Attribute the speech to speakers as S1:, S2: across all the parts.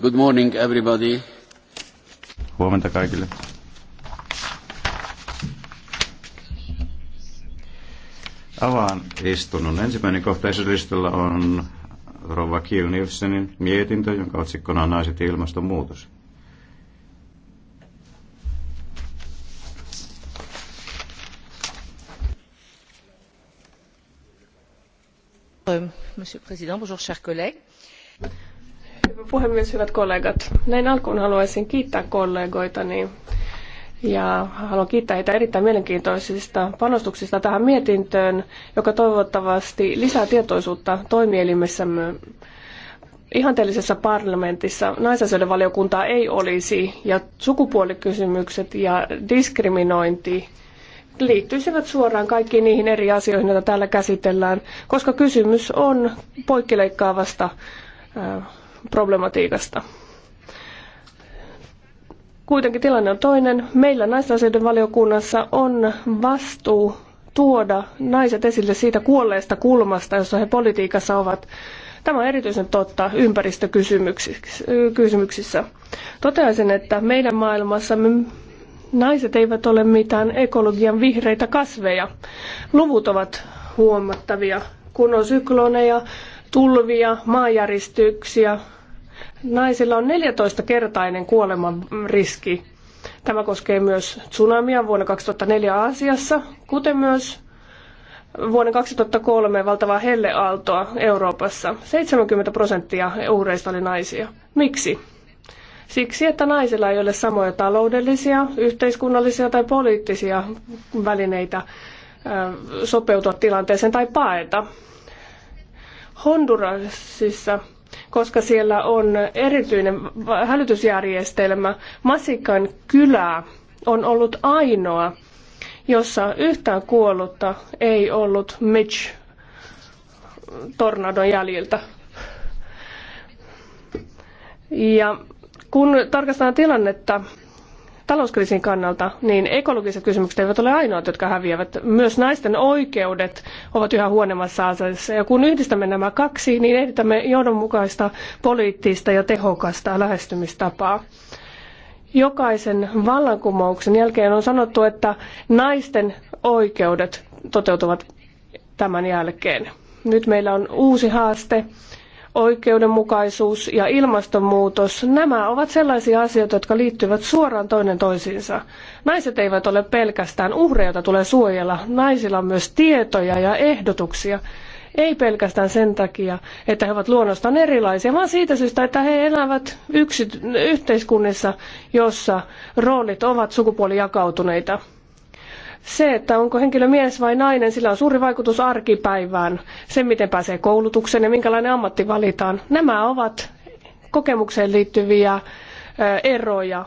S1: Good morning everybody.
S2: Huomenta kaikille. Avaan istunnon. Ensimmäinen kohta esityslistalla on Rova Kiel Nielsenin mietintö, jonka otsikkona on naiset ja ilmastonmuutos.
S3: Euh, Monsieur le Président, bonjour chers
S4: collègues puhemies, hyvät kollegat. Näin alkuun haluaisin kiittää kollegoitani ja haluan kiittää heitä erittäin mielenkiintoisista panostuksista tähän mietintöön, joka toivottavasti lisää tietoisuutta toimielimessämme ihanteellisessa parlamentissa naisasioiden valiokuntaa ei olisi ja sukupuolikysymykset ja diskriminointi liittyisivät suoraan kaikkiin niihin eri asioihin, joita täällä käsitellään, koska kysymys on poikkileikkaavasta äh, problematiikasta. Kuitenkin tilanne on toinen. Meillä naisasioiden valiokunnassa on vastuu tuoda naiset esille siitä kuolleesta kulmasta, jossa he politiikassa ovat. Tämä on erityisen totta ympäristökysymyksissä. Toteaisin, että meidän maailmassamme naiset eivät ole mitään ekologian vihreitä kasveja. Luvut ovat huomattavia, kun on sykloneja, tulvia, maanjäristyksiä, naisilla on 14-kertainen kuoleman riski. Tämä koskee myös tsunamia vuonna 2004 Aasiassa, kuten myös vuoden 2003 valtavaa helleaaltoa Euroopassa. 70 prosenttia uhreista oli naisia. Miksi? Siksi, että naisilla ei ole samoja taloudellisia, yhteiskunnallisia tai poliittisia välineitä sopeutua tilanteeseen tai paeta. Hondurasissa koska siellä on erityinen hälytysjärjestelmä. Masikan kylä on ollut ainoa, jossa yhtään kuollutta ei ollut Mitch tornadon jäljiltä. Ja kun tarkastetaan tilannetta, talouskriisin kannalta, niin ekologiset kysymykset eivät ole ainoat, jotka häviävät. Myös naisten oikeudet ovat yhä huonommassa asemassa. Ja kun yhdistämme nämä kaksi, niin editämme johdonmukaista, poliittista ja tehokasta lähestymistapaa jokaisen vallankumouksen jälkeen on sanottu, että naisten oikeudet toteutuvat tämän jälkeen. Nyt meillä on uusi haaste oikeudenmukaisuus ja ilmastonmuutos, nämä ovat sellaisia asioita, jotka liittyvät suoraan toinen toisiinsa. Naiset eivät ole pelkästään uhreja, joita tulee suojella. Naisilla on myös tietoja ja ehdotuksia. Ei pelkästään sen takia, että he ovat luonnostaan erilaisia, vaan siitä syystä, että he elävät yhteiskunnissa, jossa roolit ovat sukupuolijakautuneita. Se, että onko henkilö mies vai nainen, sillä on suuri vaikutus arkipäivään, sen miten pääsee koulutukseen ja minkälainen ammatti valitaan. Nämä ovat kokemukseen liittyviä eroja,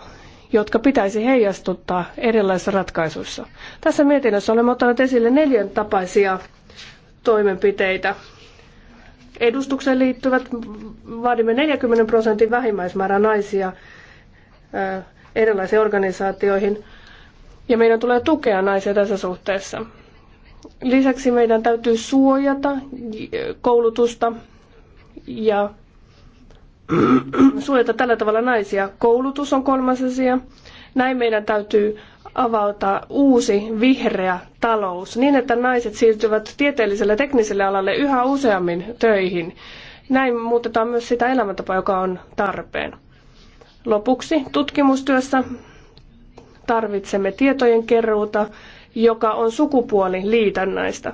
S4: jotka pitäisi heijastuttaa erilaisissa ratkaisuissa. Tässä mietinnössä olemme ottaneet esille neljän tapaisia toimenpiteitä. Edustukseen liittyvät vaadimme 40 prosentin vähimmäismäärä naisia erilaisiin organisaatioihin – ja meidän tulee tukea naisia tässä suhteessa. Lisäksi meidän täytyy suojata koulutusta ja suojata tällä tavalla naisia. Koulutus on kolmas asia. Näin meidän täytyy avata uusi vihreä talous niin, että naiset siirtyvät tieteelliselle ja tekniselle alalle yhä useammin töihin. Näin muutetaan myös sitä elämäntapaa, joka on tarpeen. Lopuksi tutkimustyössä tarvitsemme tietojen keruuta, joka on sukupuoliliitännäistä.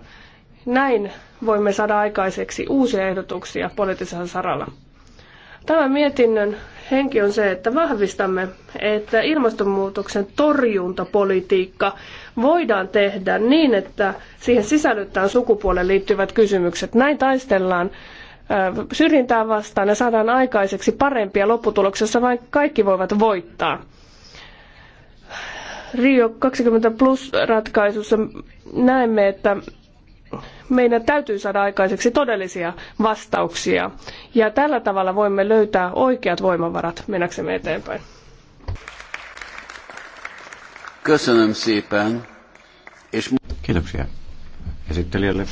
S4: Näin voimme saada aikaiseksi uusia ehdotuksia poliittisella saralla. Tämän mietinnön henki on se, että vahvistamme, että ilmastonmuutoksen torjuntapolitiikka voidaan tehdä niin, että siihen sisällytetään sukupuoleen liittyvät kysymykset. Näin taistellaan syrjintää vastaan ja saadaan aikaiseksi parempia lopputuloksia, vain kaikki voivat voittaa. Rio 20 plus ratkaisussa näemme, että meidän täytyy saada aikaiseksi todellisia vastauksia. Ja tällä tavalla voimme löytää oikeat voimavarat mennäksemme eteenpäin.
S1: Kiitoksia
S2: esittelijälle.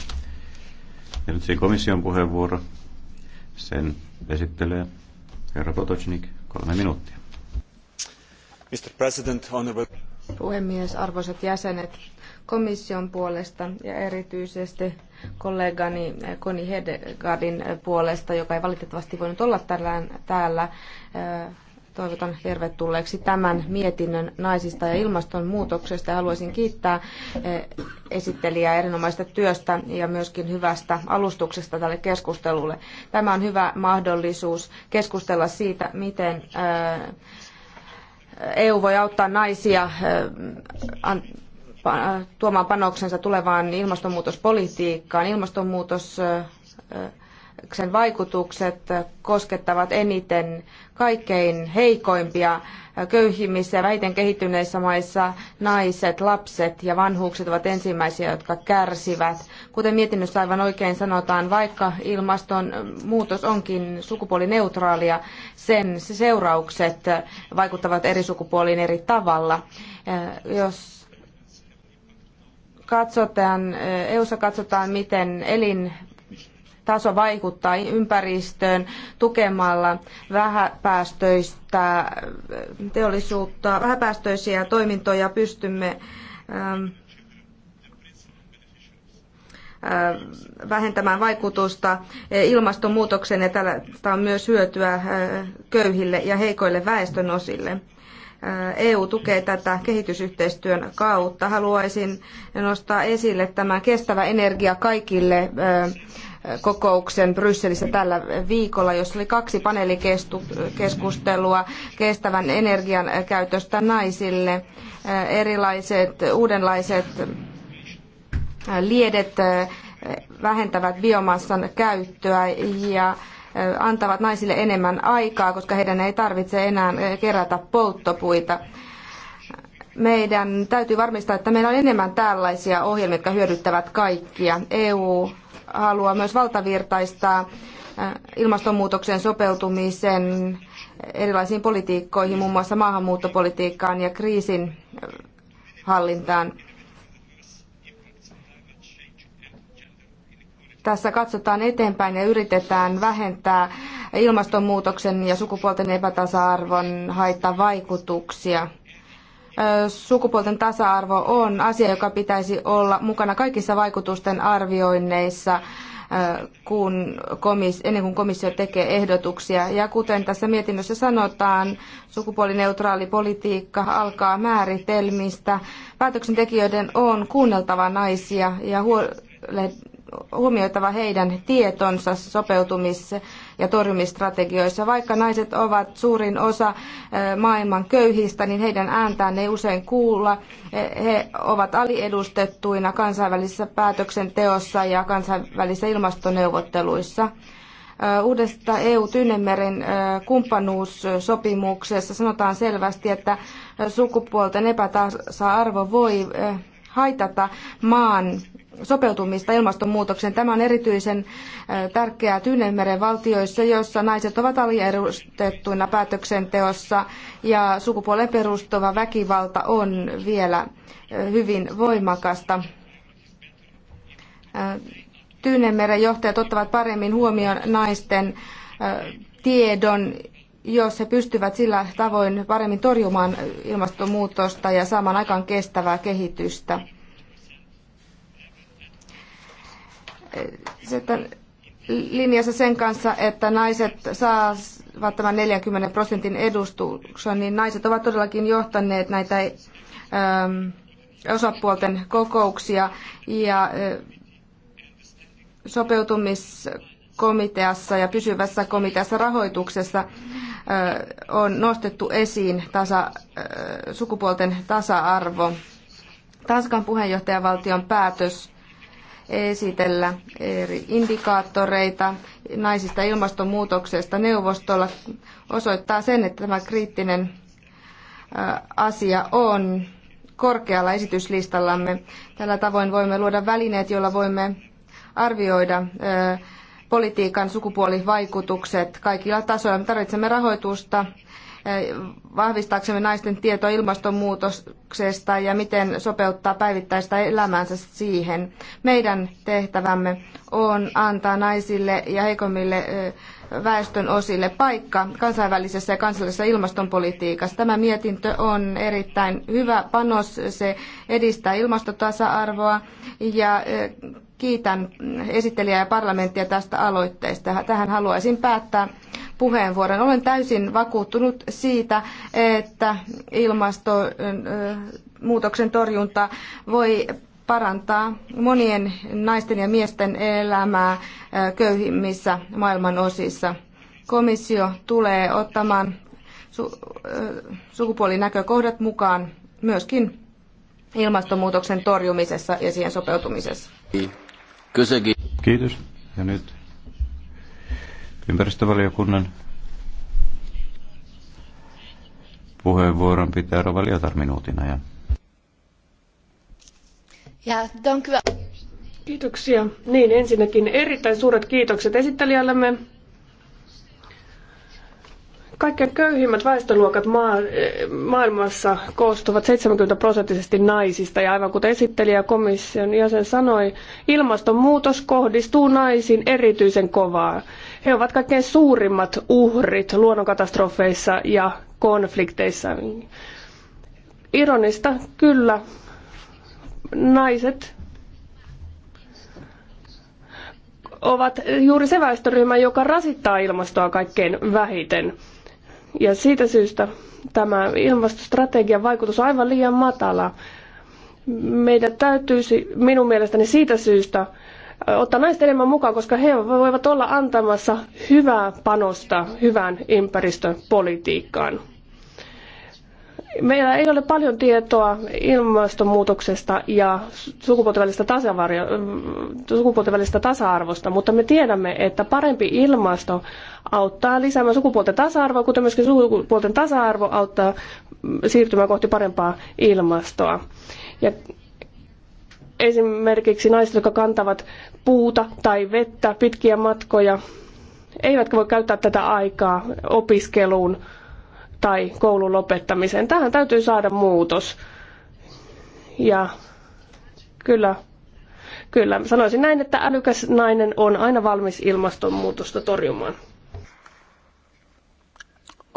S2: Ja nyt komission puheenvuoro. Sen esittelee herra Potocnik, kolme minuuttia. Mr.
S5: President, honorable... Puhemies, arvoisat jäsenet, komission puolesta ja erityisesti kollegani Koni Hedegardin puolesta, joka ei valitettavasti voinut olla täällä, äh, toivotan tervetulleeksi tämän mietinnön naisista ja ilmastonmuutoksesta. Haluaisin kiittää äh, esittelijää erinomaista työstä ja myöskin hyvästä alustuksesta tälle keskustelulle. Tämä on hyvä mahdollisuus keskustella siitä, miten äh, EU voi auttaa naisia tuomaan panoksensa tulevaan ilmastonmuutospolitiikkaan. Ilmastonmuutos sen vaikutukset koskettavat eniten kaikkein heikoimpia köyhimmissä ja vähiten kehittyneissä maissa naiset, lapset ja vanhukset ovat ensimmäisiä, jotka kärsivät. Kuten mietinnössä aivan oikein sanotaan, vaikka ilmastonmuutos onkin sukupuolineutraalia, sen seuraukset vaikuttavat eri sukupuoliin eri tavalla. Jos katsotaan, EUssa katsotaan, miten elin taso vaikuttaa ympäristöön tukemalla vähäpäästöistä teollisuutta, vähäpäästöisiä toimintoja pystymme ähm, äh, vähentämään vaikutusta ilmastonmuutokseen ja tästä on myös hyötyä äh, köyhille ja heikoille väestönosille. Äh, EU tukee tätä kehitysyhteistyön kautta. Haluaisin nostaa esille tämän kestävä energia kaikille kokouksen Brysselissä tällä viikolla, jossa oli kaksi paneelikeskustelua kestävän energian käytöstä naisille. Erilaiset uudenlaiset liedet vähentävät biomassan käyttöä ja antavat naisille enemmän aikaa, koska heidän ei tarvitse enää kerätä polttopuita meidän täytyy varmistaa, että meillä on enemmän tällaisia ohjelmia, jotka hyödyttävät kaikkia. EU haluaa myös valtavirtaistaa äh, ilmastonmuutokseen sopeutumisen erilaisiin politiikkoihin, muun muassa maahanmuuttopolitiikkaan ja kriisin äh, hallintaan. Tässä katsotaan eteenpäin ja yritetään vähentää ilmastonmuutoksen ja sukupuolten epätasa-arvon haittavaikutuksia sukupuolten tasa-arvo on asia, joka pitäisi olla mukana kaikissa vaikutusten arvioinneissa, kun komis, ennen kuin komissio tekee ehdotuksia. Ja kuten tässä mietinnössä sanotaan, sukupuolineutraali politiikka alkaa määritelmistä. Päätöksentekijöiden on kuunneltava naisia ja huomioitava heidän tietonsa sopeutumisessa ja torjumistrategioissa. Vaikka naiset ovat suurin osa eh, maailman köyhistä, niin heidän ääntään ei usein kuulla. Eh, he ovat aliedustettuina kansainvälisessä päätöksenteossa ja kansainvälisissä ilmastoneuvotteluissa eh, uudesta EU-Tynnemeren kumppanuussopimuksessa sanotaan selvästi, että sukupuolten epätasa-arvo voi haitata maan sopeutumista ilmastonmuutokseen. Tämä on erityisen tärkeää Tyynenmeren valtioissa, joissa naiset ovat aliedustettuina päätöksenteossa ja sukupuoleen perustuva väkivalta on vielä hyvin voimakasta. Tyynenmeren johtajat ottavat paremmin huomioon naisten tiedon, jos he pystyvät sillä tavoin paremmin torjumaan ilmastonmuutosta ja saamaan aikaan kestävää kehitystä. sitten linjassa sen kanssa, että naiset saavat tämän 40 prosentin edustuksen, niin naiset ovat todellakin johtaneet näitä äm, osapuolten kokouksia ja äh, sopeutumiskomiteassa ja pysyvässä komiteassa rahoituksessa äh, on nostettu esiin tasa, äh, sukupuolten tasa-arvo. Tanskan puheenjohtajavaltion päätös esitellä eri indikaattoreita naisista ilmastonmuutoksesta neuvostolla osoittaa sen, että tämä kriittinen asia on korkealla esityslistallamme. Tällä tavoin voimme luoda välineet, joilla voimme arvioida politiikan sukupuolivaikutukset kaikilla tasoilla. Me tarvitsemme rahoitusta vahvistaaksemme naisten tietoa ilmastonmuutoksesta ja miten sopeuttaa päivittäistä elämäänsä siihen. Meidän tehtävämme on antaa naisille ja heikommille väestön osille paikka kansainvälisessä ja kansallisessa ilmastonpolitiikassa. Tämä mietintö on erittäin hyvä panos. Se edistää ilmastotasa-arvoa ja kiitän esittelijää ja parlamenttia tästä aloitteesta. Tähän haluaisin päättää puheenvuoron. Olen täysin vakuuttunut siitä, että ilmastonmuutoksen torjunta voi parantaa monien naisten ja miesten elämää köyhimmissä maailman osissa. Komissio tulee ottamaan su- sukupuolinäkökohdat mukaan myöskin ilmastonmuutoksen torjumisessa ja siihen sopeutumisessa.
S1: Kiitos. Ja nyt ympäristövaliokunnan
S2: puheenvuoron pitää Rova Liotar minuutin ajan.
S5: Ja,
S4: Kiitoksia. Niin, ensinnäkin erittäin suuret kiitokset esittelijällemme. Kaikkein köyhimmät väestöluokat maa, maailmassa koostuvat 70 prosenttisesti naisista ja aivan kuten esittelijä komission jäsen sanoi, ilmastonmuutos kohdistuu naisiin erityisen kovaa. He ovat kaikkein suurimmat uhrit luonnonkatastrofeissa ja konflikteissa. Ironista kyllä, naiset ovat juuri se väestöryhmä, joka rasittaa ilmastoa kaikkein vähiten. Ja siitä syystä tämä ilmastostrategian vaikutus on aivan liian matala. Meidän täytyisi minun mielestäni siitä syystä ottaa naiset enemmän mukaan, koska he voivat olla antamassa hyvää panosta hyvään ympäristöpolitiikkaan. Meillä ei ole paljon tietoa ilmastonmuutoksesta ja sukupuolten välistä, tasa-arvosta, mutta me tiedämme, että parempi ilmasto auttaa lisäämään sukupuolten tasa-arvoa, kuten myöskin sukupuolten tasa-arvo auttaa siirtymään kohti parempaa ilmastoa. Ja esimerkiksi naiset, jotka kantavat puuta tai vettä pitkiä matkoja, eivätkä voi käyttää tätä aikaa opiskeluun tai koulun lopettamiseen. Tähän täytyy saada muutos. Ja kyllä, kyllä sanoisin näin, että älykäs nainen on aina valmis ilmastonmuutosta torjumaan.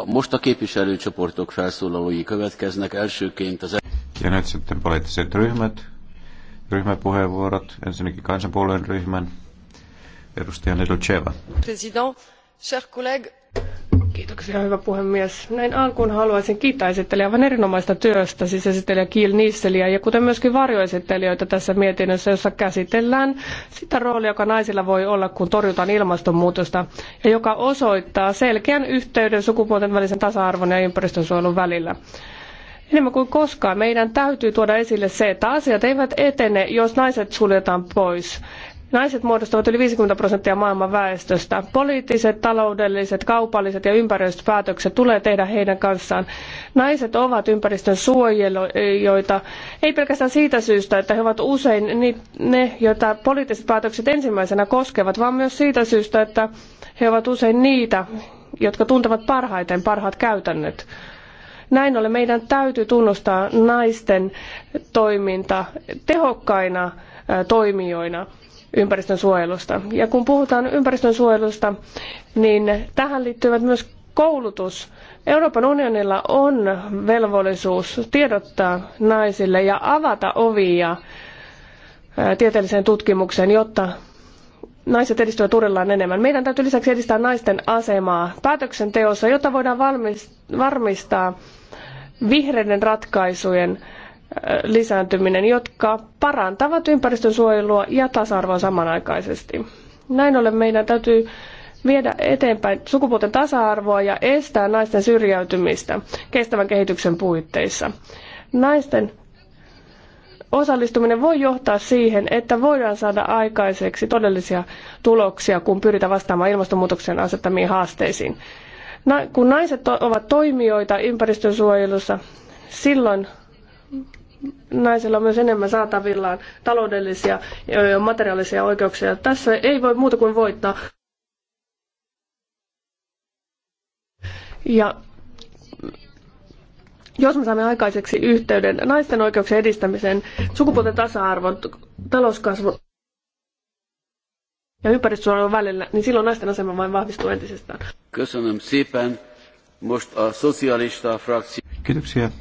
S1: Most a képviselőcsoportok felszólalói következnek. Elsőként az...
S2: Ja nyt sitten poliittiset ryhmät ryhmäpuheenvuorot. Ensinnäkin kansanpuolueen ryhmän edustaja Nedelcheva.
S4: President, cher collègue. Kiitoksia, hyvä puhemies. Näin alkuun haluaisin kiittää esittelijää aivan erinomaista työstä, siis esittelijä Kiil Nisseliä ja kuten myöskin varjoesittelijöitä tässä mietinnössä, jossa käsitellään sitä roolia, joka naisilla voi olla, kun torjutaan ilmastonmuutosta ja joka osoittaa selkeän yhteyden sukupuolten välisen tasa-arvon ja ympäristönsuojelun välillä enemmän kuin koskaan meidän täytyy tuoda esille se, että asiat eivät etene, jos naiset suljetaan pois. Naiset muodostavat yli 50 prosenttia maailman väestöstä. Poliittiset, taloudelliset, kaupalliset ja ympäristöpäätökset tulee tehdä heidän kanssaan. Naiset ovat ympäristön suojelijoita, ei pelkästään siitä syystä, että he ovat usein ne, joita poliittiset päätökset ensimmäisenä koskevat, vaan myös siitä syystä, että he ovat usein niitä, jotka tuntevat parhaiten parhaat käytännöt. Näin ollen meidän täytyy tunnustaa naisten toiminta tehokkaina toimijoina ympäristön suojelusta. Ja kun puhutaan ympäristön suojelusta, niin tähän liittyvät myös koulutus. Euroopan unionilla on velvollisuus tiedottaa naisille ja avata ovia tieteelliseen tutkimukseen, jotta naiset edistyvät urallaan enemmän. Meidän täytyy lisäksi edistää naisten asemaa päätöksenteossa, jotta voidaan varmistaa vihreiden ratkaisujen lisääntyminen, jotka parantavat ympäristönsuojelua ja tasa-arvoa samanaikaisesti. Näin ollen meidän täytyy viedä eteenpäin sukupuolten tasa-arvoa ja estää naisten syrjäytymistä kestävän kehityksen puitteissa. Naisten osallistuminen voi johtaa siihen, että voidaan saada aikaiseksi todellisia tuloksia, kun pyritään vastaamaan ilmastonmuutoksen asettamiin haasteisiin kun naiset ovat toimijoita ympäristönsuojelussa, silloin naisilla on myös enemmän saatavillaan taloudellisia ja materiaalisia oikeuksia. Tässä ei voi muuta kuin voittaa. Ja jos me saamme aikaiseksi yhteyden naisten oikeuksien edistämiseen, sukupuolten tasa-arvon, talouskasvun ja ympäristönsuojelun välillä, niin silloin naisten asema vain vahvistuu entisestään.
S1: Köszönöm szépen. Most a socialista fraktio.
S2: Kiitoksia.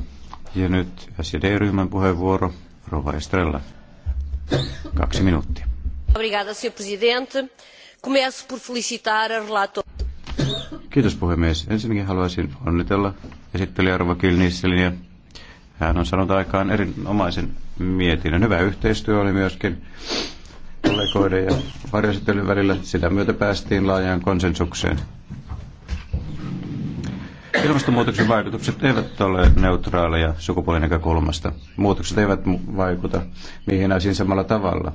S2: Ja nyt SED-ryhmän puheenvuoro, Rova Estrella. Kaksi minuuttia. Kiitos puhemies. Ensinnäkin haluaisin onnitella esittelijä Rova Kilnisselin hän on saanut aikaan erinomaisen mietinnön. Hyvä yhteistyö oli myöskin kollegoiden ja varjoesittelyn välillä. Sitä myötä päästiin laajaan konsensukseen. Ilmastonmuutoksen vaikutukset eivät ole neutraaleja sukupuolen näkökulmasta. Muutokset eivät vaikuta mihin asiin samalla tavalla.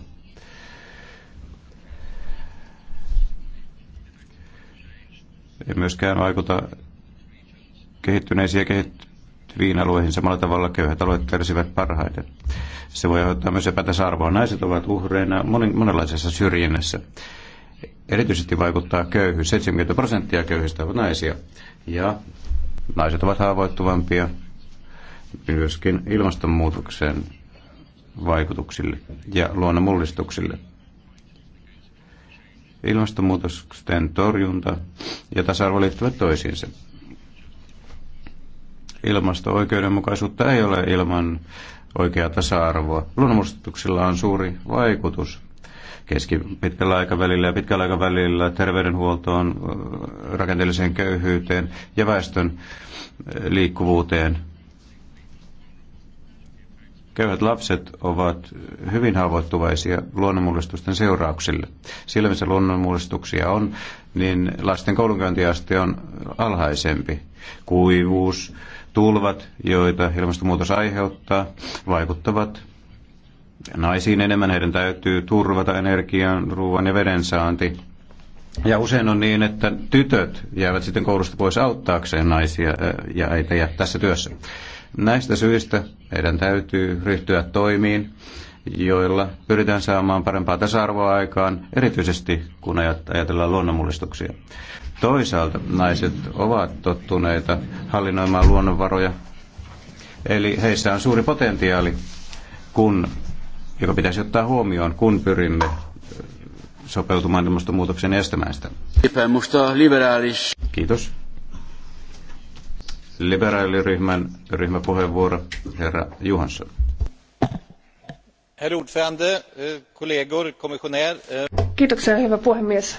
S2: Ei myöskään vaikuta kehittyneisiin ja kehittyneisiin köyhtyviin alueihin samalla tavalla köyhät alueet kärsivät parhaiten. Se voi aiheuttaa myös epätasa-arvoa. Naiset ovat uhreina monenlaisessa syrjinnässä. Erityisesti vaikuttaa köyhyys. 70 prosenttia köyhistä ovat naisia. Ja naiset ovat haavoittuvampia myöskin ilmastonmuutoksen vaikutuksille ja luonnon mullistuksille. Ilmastonmuutosten torjunta ja tasa-arvo liittyvät toisiinsa. Ilmasto-oikeudenmukaisuutta ei ole ilman oikeaa tasa-arvoa. Luonnonmuistutuksilla on suuri vaikutus keski pitkällä aikavälillä ja pitkällä aikavälillä terveydenhuoltoon, rakenteelliseen köyhyyteen ja väestön eh, liikkuvuuteen. Köyhät lapset ovat hyvin haavoittuvaisia luonnonmullistusten seurauksille. Sillä missä luonnonmullistuksia on, niin lasten koulunkäyntiaste on alhaisempi. Kuivuus, Tulvat, joita ilmastonmuutos aiheuttaa, vaikuttavat naisiin enemmän. Heidän täytyy turvata energian, ruoan ja veden saanti. Ja usein on niin, että tytöt jäävät sitten koulusta pois auttaakseen naisia ja äitejä tässä työssä. Näistä syistä meidän täytyy ryhtyä toimiin, joilla pyritään saamaan parempaa tasa-arvoa aikaan, erityisesti kun ajatellaan luonnonmullistuksia. Toisaalta naiset ovat tottuneita hallinnoimaan luonnonvaroja, eli heissä on suuri potentiaali, kun, joka pitäisi ottaa huomioon, kun pyrimme sopeutumaan ilmastonmuutoksen estämään sitä. Kiitos. Liberaaliryhmän ryhmäpuheenvuoro, herra Johansson. Herr ordförande, eh, kollegor,
S4: kommissionär. Eh- Kiitoksia, hyvä puhemies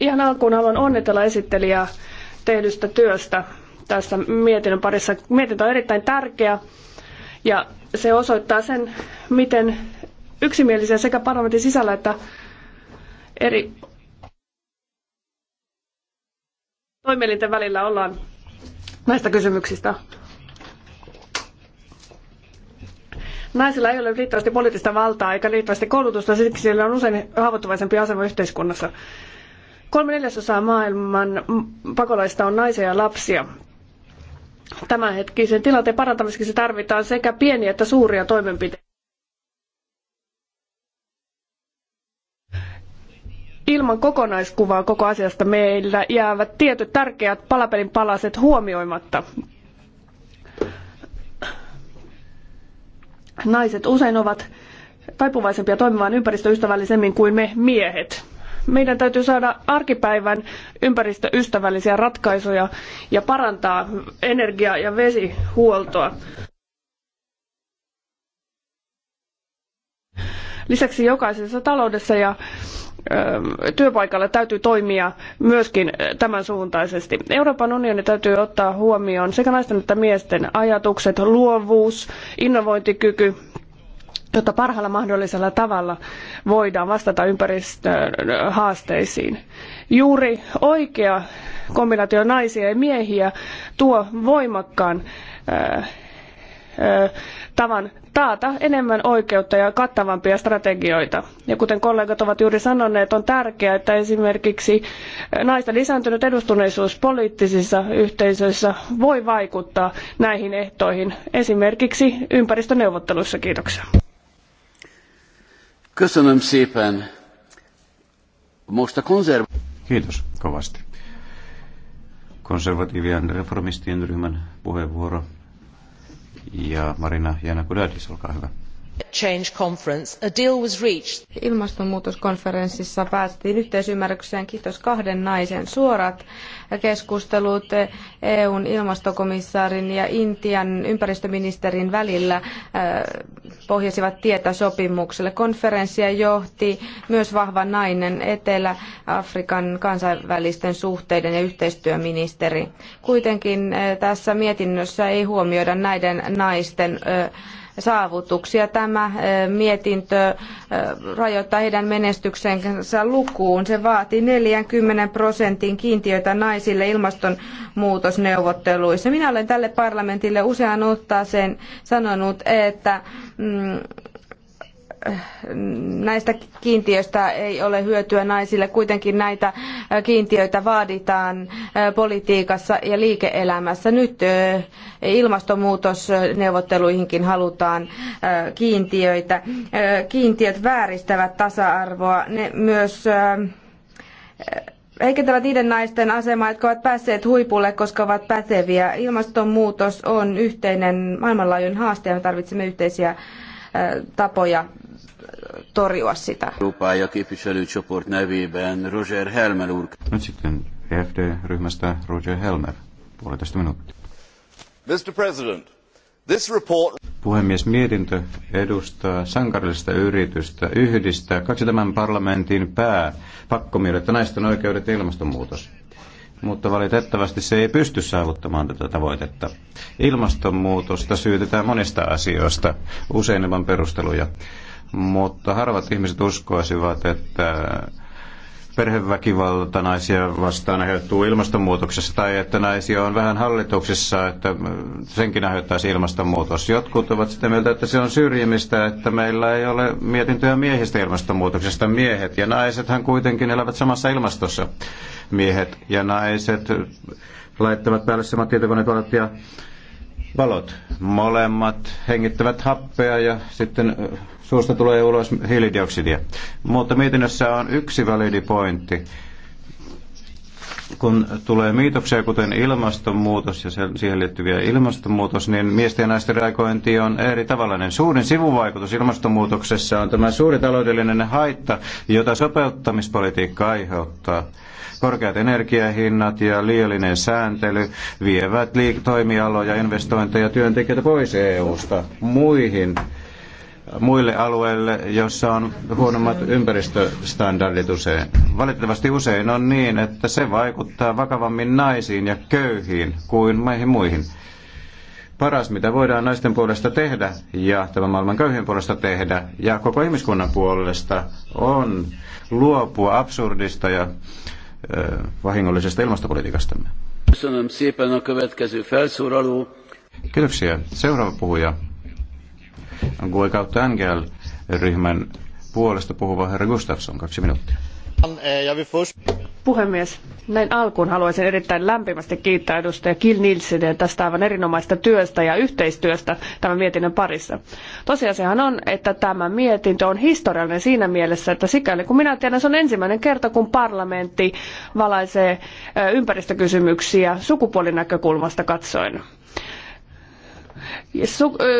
S4: Ihan alkuun haluan onnitella esittelijää tehdystä työstä tässä mietinnön parissa. Mietintö on erittäin tärkeä ja se osoittaa sen, miten yksimielisiä sekä parlamentin sisällä että eri toimielinten välillä ollaan näistä kysymyksistä. Naisilla ei ole riittävästi poliittista valtaa eikä riittävästi koulutusta, siksi sillä on usein haavoittuvaisempi asema yhteiskunnassa. Kolme neljäsosaa maailman pakolaista on naisia ja lapsia. Tämänhetkisen tilanteen parantamiseksi tarvitaan sekä pieniä että suuria toimenpiteitä. Ilman kokonaiskuvaa koko asiasta meillä jäävät tietyt tärkeät palapelin palaset huomioimatta. Naiset usein ovat taipuvaisempia toimimaan ympäristöystävällisemmin kuin me miehet meidän täytyy saada arkipäivän ympäristöystävällisiä ratkaisuja ja parantaa energia- ja vesihuoltoa. Lisäksi jokaisessa taloudessa ja työpaikalla täytyy toimia myöskin tämän suuntaisesti. Euroopan unioni täytyy ottaa huomioon sekä naisten että miesten ajatukset, luovuus, innovointikyky, jotta parhaalla mahdollisella tavalla voidaan vastata ympäristöhaasteisiin. Äh, juuri oikea kombinaatio naisia ja miehiä tuo voimakkaan äh, äh, tavan taata enemmän oikeutta ja kattavampia strategioita. Ja kuten kollegat ovat juuri sanoneet, on tärkeää, että esimerkiksi naisten lisääntynyt edustuneisuus poliittisissa yhteisöissä voi vaikuttaa näihin ehtoihin, esimerkiksi ympäristöneuvotteluissa. Kiitoksia.
S1: Köszönöm szépen. Most a konzerv... Kiitos kovasti.
S2: Konservatiivien reformistien ryhmän puheenvuoro. Ja Marina Jana Kudadis, olkaa hyvä.
S5: Ilmastonmuutoskonferenssissa päästiin yhteisymmärrykseen. Kiitos kahden naisen suorat keskustelut EUn ilmastokomissaarin ja Intian ympäristöministerin välillä äh, pohjasivat tietä sopimukselle. Konferenssia johti myös vahva nainen Etelä-Afrikan kansainvälisten suhteiden ja yhteistyöministeri. Kuitenkin äh, tässä mietinnössä ei huomioida näiden naisten äh, saavutuksia. Tämä eh, mietintö eh, rajoittaa heidän menestyksensä lukuun. Se vaatii 40 prosentin kiintiötä naisille ilmastonmuutosneuvotteluissa. Minä olen tälle parlamentille useaan ottaa sen sanonut, että mm, näistä kiintiöistä ei ole hyötyä naisille. Kuitenkin näitä kiintiöitä vaaditaan politiikassa ja liike-elämässä. Nyt ilmastonmuutosneuvotteluihinkin halutaan kiintiöitä. Kiintiöt vääristävät tasa-arvoa. Ne myös heikentävät niiden naisten asemaa, jotka ovat päässeet huipulle, koska ovat päteviä. Ilmastonmuutos on yhteinen maailmanlaajuinen haaste ja me tarvitsemme yhteisiä tapoja torjua
S1: sitä. Nyt sitten
S2: EFD-ryhmästä Roger Helmer, puolitoista minuuttia.
S5: Mr. President, this report...
S2: Puhemies, mietintö edustaa sankarillista yritystä yhdistää kaksi tämän parlamentin pää pakkomielettä naisten oikeudet ja ilmastonmuutos mutta valitettavasti se ei pysty saavuttamaan tätä tavoitetta. Ilmastonmuutosta syytetään monista asioista, usein ilman perusteluja mutta harvat ihmiset uskoisivat, että perheväkivalta naisia vastaan aiheutuu ilmastonmuutoksessa tai että naisia on vähän hallituksissa, että senkin aiheuttaisi ilmastonmuutos. Jotkut ovat sitä mieltä, että se on syrjimistä, että meillä ei ole mietintöjä miehistä ilmastonmuutoksesta. Miehet ja naisethan kuitenkin elävät samassa ilmastossa. Miehet ja naiset laittavat päälle samat tietokoneet ja valot. Molemmat hengittävät happea ja sitten suusta tulee ulos hiilidioksidia. Mutta mietinnössä on yksi validi pointti. Kun tulee miitoksia, kuten ilmastonmuutos ja siihen liittyviä ilmastonmuutos, niin miesten ja naisten reagointi on eri tavallainen. Suurin sivuvaikutus ilmastonmuutoksessa on tämä suuri taloudellinen haitta, jota sopeuttamispolitiikka aiheuttaa. Korkeat energiahinnat ja liiallinen sääntely vievät liik- toimialoja, investointeja, työntekijöitä pois EU-sta muihin muille alueille, jossa on huonommat ympäristöstandardit usein. Valitettavasti usein on niin, että se vaikuttaa vakavammin naisiin ja köyhiin kuin meihin muihin. Paras, mitä voidaan naisten puolesta tehdä ja tämän maailman köyhien puolesta tehdä ja koko ihmiskunnan puolesta on luopua absurdista ja vahingollisesta ilmastopolitiikastamme. Kiitoksia. Seuraava puhuja on Gue kautta Angel ryhmän puolesta puhuva herra Gustafsson. Kaksi minuuttia
S4: puhemies, näin alkuun haluaisin erittäin lämpimästi kiittää edustaja Kil Nilseniä tästä aivan erinomaista työstä ja yhteistyöstä tämän mietinnön parissa. Tosiasiahan on, että tämä mietintö on historiallinen siinä mielessä, että sikäli kun minä tiedän, se on ensimmäinen kerta, kun parlamentti valaisee ympäristökysymyksiä sukupuolinäkökulmasta katsoen.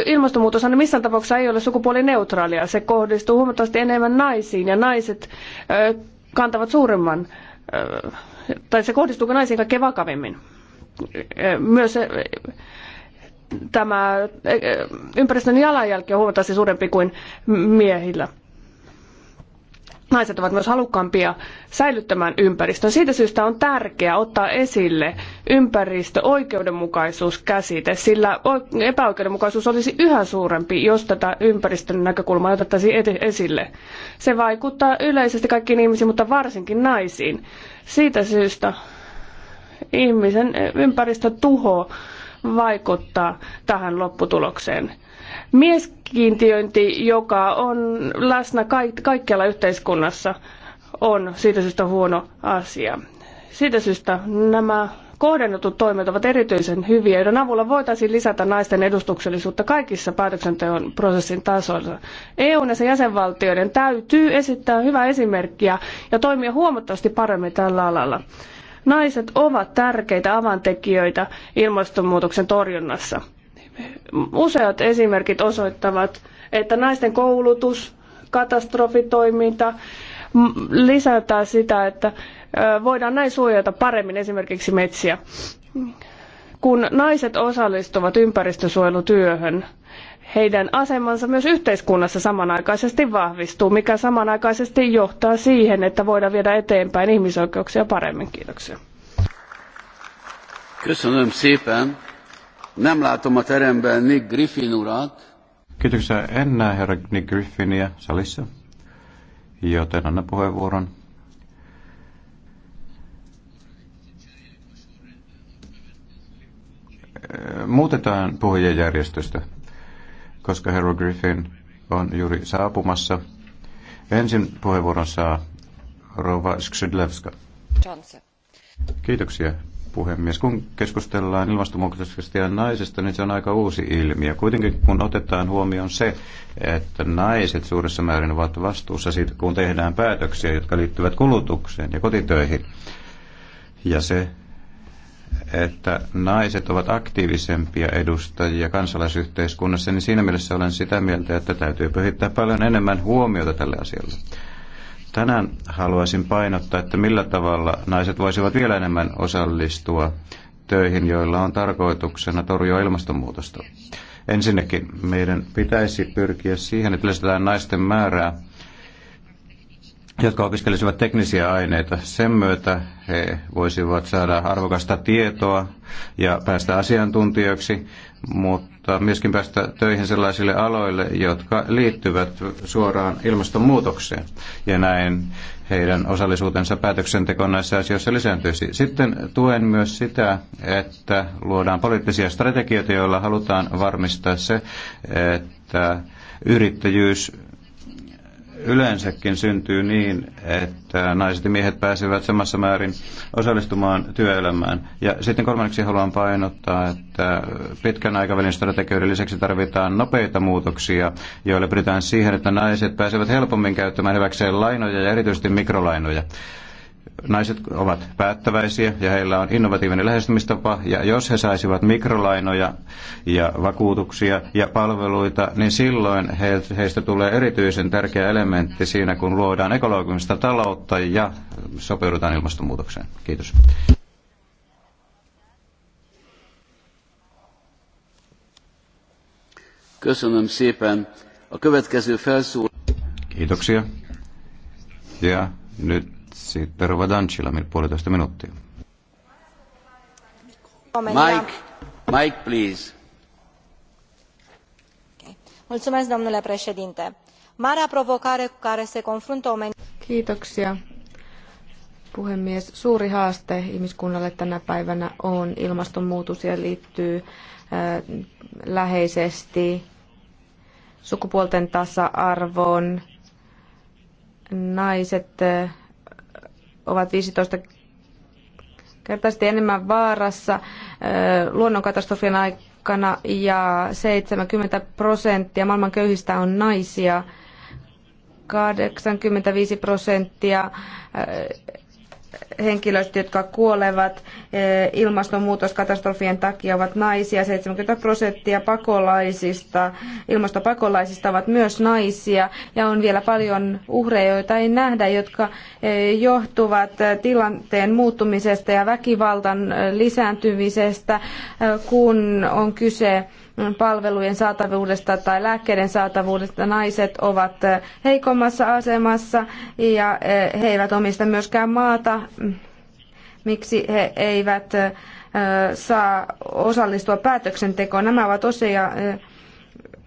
S4: Ilmastonmuutos on missään tapauksessa ei ole sukupuolineutraalia. Se kohdistuu huomattavasti enemmän naisiin ja naiset kantavat suuremman tai se kohdistuuko naisiin kaikkein vakavimmin. Myös eh, tämä eh, ympäristön jalanjälki on huomattavasti suurempi kuin miehillä naiset ovat myös halukkaampia säilyttämään ympäristön. Siitä syystä on tärkeää ottaa esille ympäristöoikeudenmukaisuuskäsite, sillä epäoikeudenmukaisuus olisi yhä suurempi, jos tätä ympäristön näkökulmaa otettaisiin esille. Se vaikuttaa yleisesti kaikkiin ihmisiin, mutta varsinkin naisiin. Siitä syystä ihmisen eh, ympäristötuho vaikuttaa tähän lopputulokseen. Mieskiintiöinti, joka on läsnä kaikkialla yhteiskunnassa, on siitä syystä huono asia. Siitä syystä nämä kohdennetut toimet ovat erityisen hyviä, joiden avulla voitaisiin lisätä naisten edustuksellisuutta kaikissa päätöksenteon prosessin tasoilla. EUn ja sen jäsenvaltioiden täytyy esittää hyvää esimerkkiä ja toimia huomattavasti paremmin tällä alalla. Naiset ovat tärkeitä avantekijöitä ilmastonmuutoksen torjunnassa. Useat esimerkit osoittavat, että naisten koulutus, katastrofitoiminta lisätään sitä, että voidaan näin suojata paremmin esimerkiksi metsiä. Kun naiset osallistuvat ympäristösuojelutyöhön, heidän asemansa myös yhteiskunnassa samanaikaisesti vahvistuu, mikä samanaikaisesti johtaa siihen, että voidaan viedä eteenpäin ihmisoikeuksia paremmin. Kiitoksia.
S1: Köszönöm szépen. Nem látom a teremben Nick Griffin urat.
S2: Kiitoksia. En näe herra Nick Griffinia salissa, joten anna puheenvuoron äh, muutetaan puhujajärjestöstä, koska herra Griffin on juuri saapumassa. Ensin puheenvuoron saa Rova Skrzydlewska. Kiitoksia, puhemies. Kun keskustellaan ilmastonmuutoksesta ja naisesta, niin se on aika uusi ilmiö. Kuitenkin kun otetaan huomioon se, että naiset suuressa määrin ovat vastuussa siitä, kun tehdään päätöksiä, jotka liittyvät kulutukseen ja kotitöihin, ja se, että naiset ovat aktiivisempia edustajia kansalaisyhteiskunnassa, niin siinä mielessä olen sitä mieltä, että täytyy pyhittää paljon enemmän huomiota tälle asialle. Tänään haluaisin painottaa, että millä tavalla naiset voisivat vielä enemmän osallistua töihin, joilla on tarkoituksena torjua ilmastonmuutosta. Ensinnäkin meidän pitäisi pyrkiä siihen, että lisätään naisten määrää, jotka opiskelisivat teknisiä aineita. Sen myötä he voisivat saada arvokasta tietoa ja päästä asiantuntijoiksi, mutta mutta myöskin päästä töihin sellaisille aloille, jotka liittyvät suoraan ilmastonmuutokseen. Ja näin heidän osallisuutensa päätöksentekoon näissä asioissa lisääntyisi. Sitten tuen myös sitä, että luodaan poliittisia strategioita, joilla halutaan varmistaa se, että yrittäjyys yleensäkin syntyy niin, että naiset ja miehet pääsevät samassa määrin osallistumaan työelämään. Ja sitten kolmanneksi haluan painottaa, että pitkän aikavälin strategioiden lisäksi tarvitaan nopeita muutoksia, joilla pyritään siihen, että naiset pääsevät helpommin käyttämään hyväkseen lainoja ja erityisesti mikrolainoja naiset ovat päättäväisiä ja heillä on innovatiivinen lähestymistapa ja jos he saisivat mikrolainoja ja vakuutuksia ja palveluita, niin silloin he, heistä tulee erityisen tärkeä elementti siinä, kun luodaan ekologista taloutta ja sopeudutaan ilmastonmuutokseen. Kiitos.
S1: Köszönöm szépen. A következő felszól...
S2: Kiitoksia. Ja nyt sitten Rova puolitoista minuuttia.
S5: Mike,
S1: Mike, please.
S5: Mulțumesc, domnule președinte. Marea provocare cu care se confruntă Kiitoksia, puhemies. Suuri haaste ihmiskunnalle tänä päivänä on ilmastonmuutos ja liittyy äh, läheisesti sukupuolten tasa-arvoon. Naiset äh, ovat 15 kertaisesti enemmän vaarassa luonnonkatastrofien aikana ja 70 prosenttia maailman köyhistä on naisia. 85 prosenttia henkilöistä, jotka kuolevat e, ilmastonmuutoskatastrofien takia, ovat naisia. 70 prosenttia pakolaisista, ilmastopakolaisista ovat myös naisia. Ja on vielä paljon uhreja, joita ei nähdä, jotka e, johtuvat tilanteen muuttumisesta ja väkivaltan e, lisääntymisestä, kun on kyse palvelujen saatavuudesta tai lääkkeiden saatavuudesta. Naiset ovat eh, heikommassa asemassa ja eh, he eivät omista myöskään maata. Miksi he eivät eh, saa osallistua päätöksentekoon? Nämä ovat osia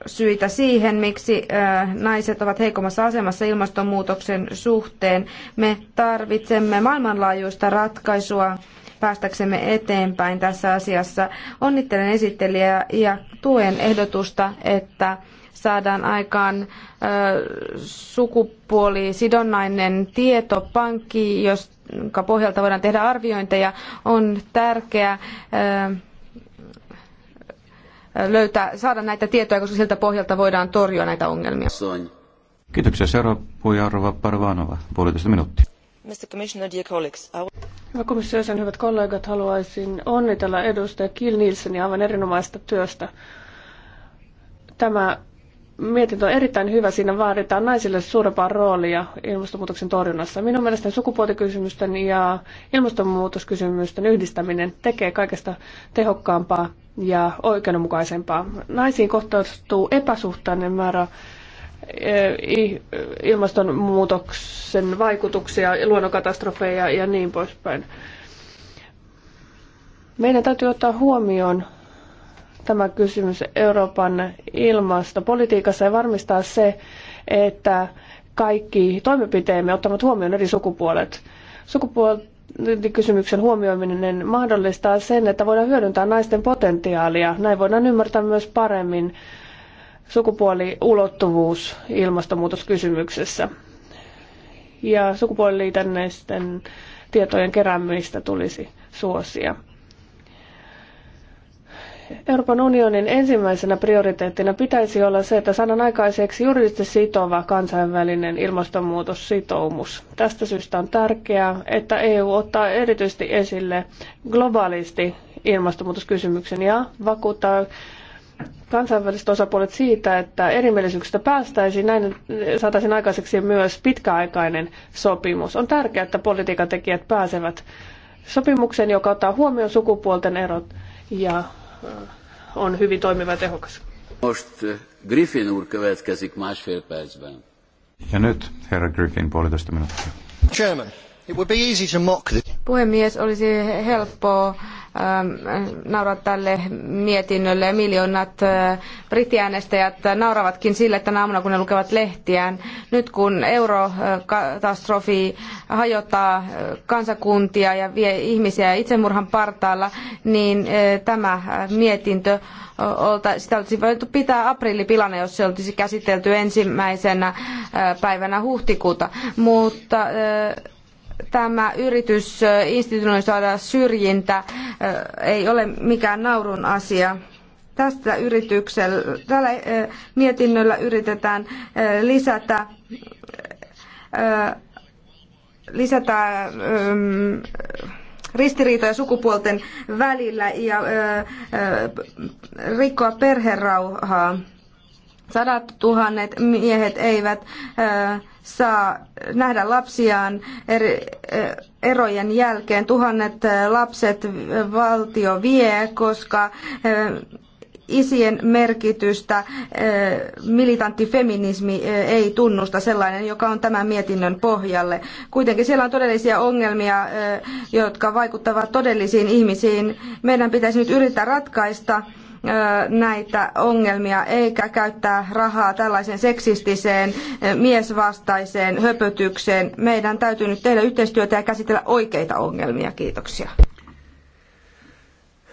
S5: syitä siihen, miksi naiset ovat heikommassa asemassa ilmastonmuutoksen suhteen. Me tarvitsemme maailmanlaajuista ratkaisua päästäksemme eteenpäin tässä asiassa. Onnittelen esittelijää ja tuen ehdotusta, että saadaan aikaan ö, sukupuolisidonnainen tietopankki, jonka pohjalta voidaan tehdä arviointeja, on tärkeää löytää, saada näitä tietoja, koska siltä pohjalta voidaan torjua näitä ongelmia.
S2: Kiitoksia. Seuraava puhuja Parvanova, puolitoista minuuttia.
S5: Mr. Commissioner, Hyvä komissio hyvät kollegat,
S4: haluaisin onnitella edustaja Kill Nielseniä aivan erinomaista työstä. Tämä mietintö on erittäin hyvä. Siinä vaaditaan naisille suurempaa roolia ilmastonmuutoksen torjunnassa. Minun mielestäni sukupuolikysymysten ja ilmastonmuutoskysymysten yhdistäminen tekee kaikesta tehokkaampaa ja oikeudenmukaisempaa. Naisiin kohtaistuu epäsuhtainen määrä Eh, ilmastonmuutoksen vaikutuksia, luonnonkatastrofeja ja niin poispäin. Meidän täytyy ottaa huomioon tämä kysymys Euroopan ilmastopolitiikassa ja varmistaa se, että kaikki toimenpiteemme ottavat huomioon eri sukupuolet. Sukupuolikysymyksen huomioiminen mahdollistaa sen, että voidaan hyödyntää naisten potentiaalia. Näin voidaan ymmärtää myös paremmin sukupuoliulottuvuus ilmastonmuutoskysymyksessä. Ja sukupuoliliitännäisten tietojen keräämistä tulisi suosia. Euroopan unionin ensimmäisenä prioriteettina pitäisi olla se, että saadaan aikaiseksi juridisesti sitova kansainvälinen ilmastonmuutossitoumus. Tästä syystä on tärkeää, että EU ottaa erityisesti esille globaalisti ilmastonmuutoskysymyksen ja vakuuttaa kansainväliset osapuolet siitä, että erimielisyyksistä päästäisiin, näin saataisiin aikaiseksi myös pitkäaikainen sopimus. On tärkeää, että politiikan tekijät pääsevät sopimukseen, joka ottaa huomioon sukupuolten erot ja äh,
S1: on hyvin toimiva ja tehokas. Most äh, Griffin
S2: Ja nyt herra Griffin puolitoista minuuttia. Chairman, it would be easy to mock this.
S5: Puhemies, olisi helppoa nauraa tälle mietinnölle ja miljoonat äh, brittiäänestäjät nauravatkin sille tänä aamuna, kun ne lukevat lehtiään. Nyt kun eurokatastrofi hajottaa äh, kansakuntia ja vie ihmisiä itsemurhan partaalla, niin äh, tämä mietintö olta, sitä olisi voitu pitää aprillipilana, jos se olisi käsitelty ensimmäisenä päivänä huhtikuuta. Mutta tämä yritys institutionalisoida syrjintä ei ole mikään naurun asia. Tästä yrityksellä, tällä mietinnöllä yritetään lisätä lisätä ristiriitoja sukupuolten välillä ja rikkoa perherauhaa. Sadat tuhannet miehet eivät saa nähdä lapsiaan eri, eh, erojen jälkeen. Tuhannet eh, lapset valtio vie, koska eh, isien merkitystä militanttifeminismi ei tunnusta sellainen, joka on tämän mietinnön pohjalle. Kuitenkin siellä on todellisia ongelmia, jotka vaikuttavat todellisiin ihmisiin. Meidän pitäisi nyt yrittää ratkaista näitä ongelmia eikä käyttää rahaa tällaiseen seksistiseen, miesvastaiseen höpötykseen. Meidän täytyy nyt tehdä yhteistyötä ja käsitellä oikeita ongelmia. Kiitoksia.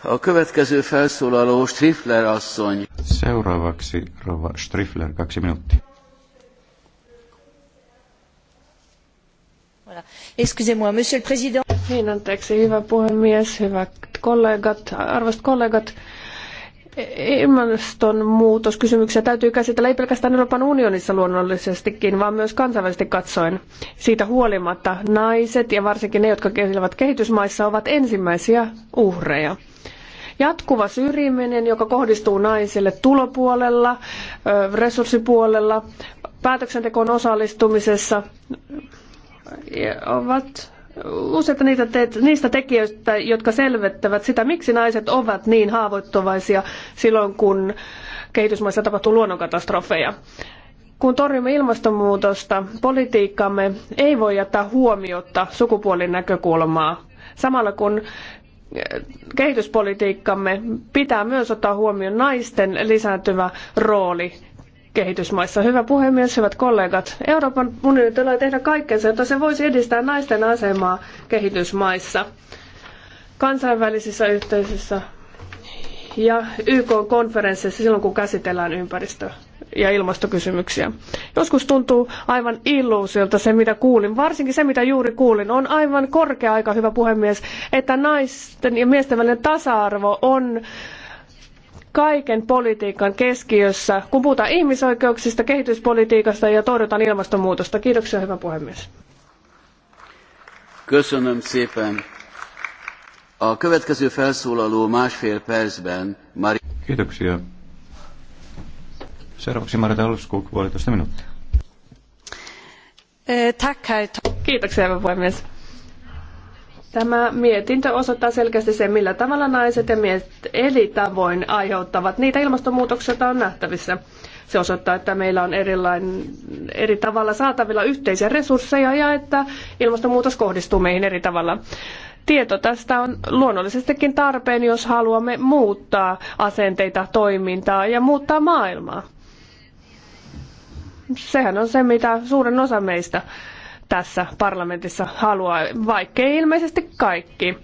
S1: A következő felszólaló Strifler asszony. Seuraavaksi
S2: rova Strifler, kaksi minuuttia.
S4: Excusez-moi, monsieur le président. Niin, hyvä puhemies, hyvät kollegat, arvoisat kollegat ilmastonmuutoskysymyksiä täytyy käsitellä ei pelkästään Euroopan unionissa luonnollisestikin, vaan myös kansainvälisesti katsoen. Siitä huolimatta naiset ja varsinkin ne, jotka elävät kehitysmaissa, ovat ensimmäisiä uhreja. Jatkuva syrjiminen, joka kohdistuu naisille tulopuolella, resurssipuolella, päätöksentekoon osallistumisessa, ovat useita niitä niistä tekijöistä, jotka selvittävät sitä, miksi naiset ovat niin haavoittuvaisia silloin, kun kehitysmaissa tapahtuu luonnonkatastrofeja. Kun torjumme ilmastonmuutosta, politiikkamme ei voi jättää huomiota sukupuolin näkökulmaa. Samalla kun eh, kehityspolitiikkamme pitää myös ottaa huomioon naisten lisääntyvä rooli kehitysmaissa. Hyvä puhemies, hyvät kollegat. Euroopan unionin tulee tehdä kaikkensa, jotta se voisi edistää naisten asemaa kehitysmaissa, kansainvälisissä yhteisöissä ja YK-konferensseissa silloin, kun käsitellään ympäristö- ja ilmastokysymyksiä. Joskus tuntuu aivan illuusiolta se, mitä kuulin. Varsinkin se, mitä juuri kuulin. On aivan korkea aika, hyvä puhemies, että naisten ja miesten välinen tasa-arvo on kaiken politiikan keskiössä, kun puhutaan ihmisoikeuksista, kehityspolitiikasta ja torjutaan ilmastonmuutosta. Kiitoksia, hyvä puhemies.
S1: Köszönöm szépen. A következő felszólaló másfél percben Mari... Kiitoksia. Seuraavaksi
S2: Marita Olskuk, puolitoista minuuttia.
S4: Kiitoksia, hyvä puhemies. Tämä mietintö osoittaa selkeästi sen, millä tavalla naiset ja miehet eri tavoin aiheuttavat niitä ilmastonmuutoksia, joita on nähtävissä. Se osoittaa, että meillä on erilain, eri tavalla saatavilla yhteisiä resursseja ja että ilmastonmuutos kohdistuu meihin eri tavalla. Tieto tästä on luonnollisestikin tarpeen, jos haluamme muuttaa asenteita, toimintaa ja muuttaa maailmaa. Sehän on se, mitä suurin osa meistä tässä parlamentissa haluaa, vaikkei ilmeisesti kaikki.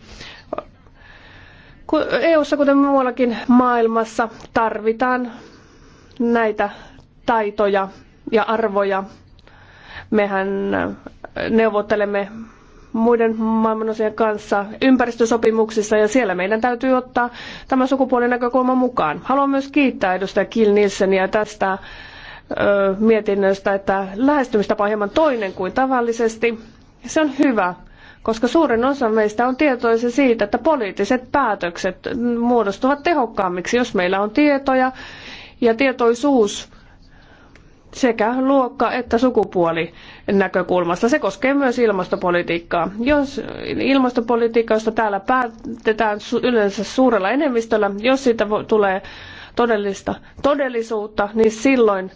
S4: EU:ssa kuten muuallakin maailmassa tarvitaan näitä taitoja ja arvoja. Mehän äh, neuvottelemme muiden maailmanosien kanssa ympäristösopimuksissa ja siellä meidän täytyy ottaa tämä sukupuolinäkökulma mukaan. Haluan myös kiittää edustaja Kill Nielseniä tästä mietinnöstä, että lähestymistapa on hieman toinen kuin tavallisesti. Se on hyvä, koska suurin osa meistä on tietoisia siitä, että poliittiset päätökset muodostuvat tehokkaammiksi, jos meillä on tietoja ja tietoisuus sekä luokka- että sukupuoli näkökulmasta. Se koskee myös ilmastopolitiikkaa. Jos ilmastopolitiikka, josta täällä päätetään yleensä suurella enemmistöllä, jos siitä tulee todellista todellisuutta, niin silloin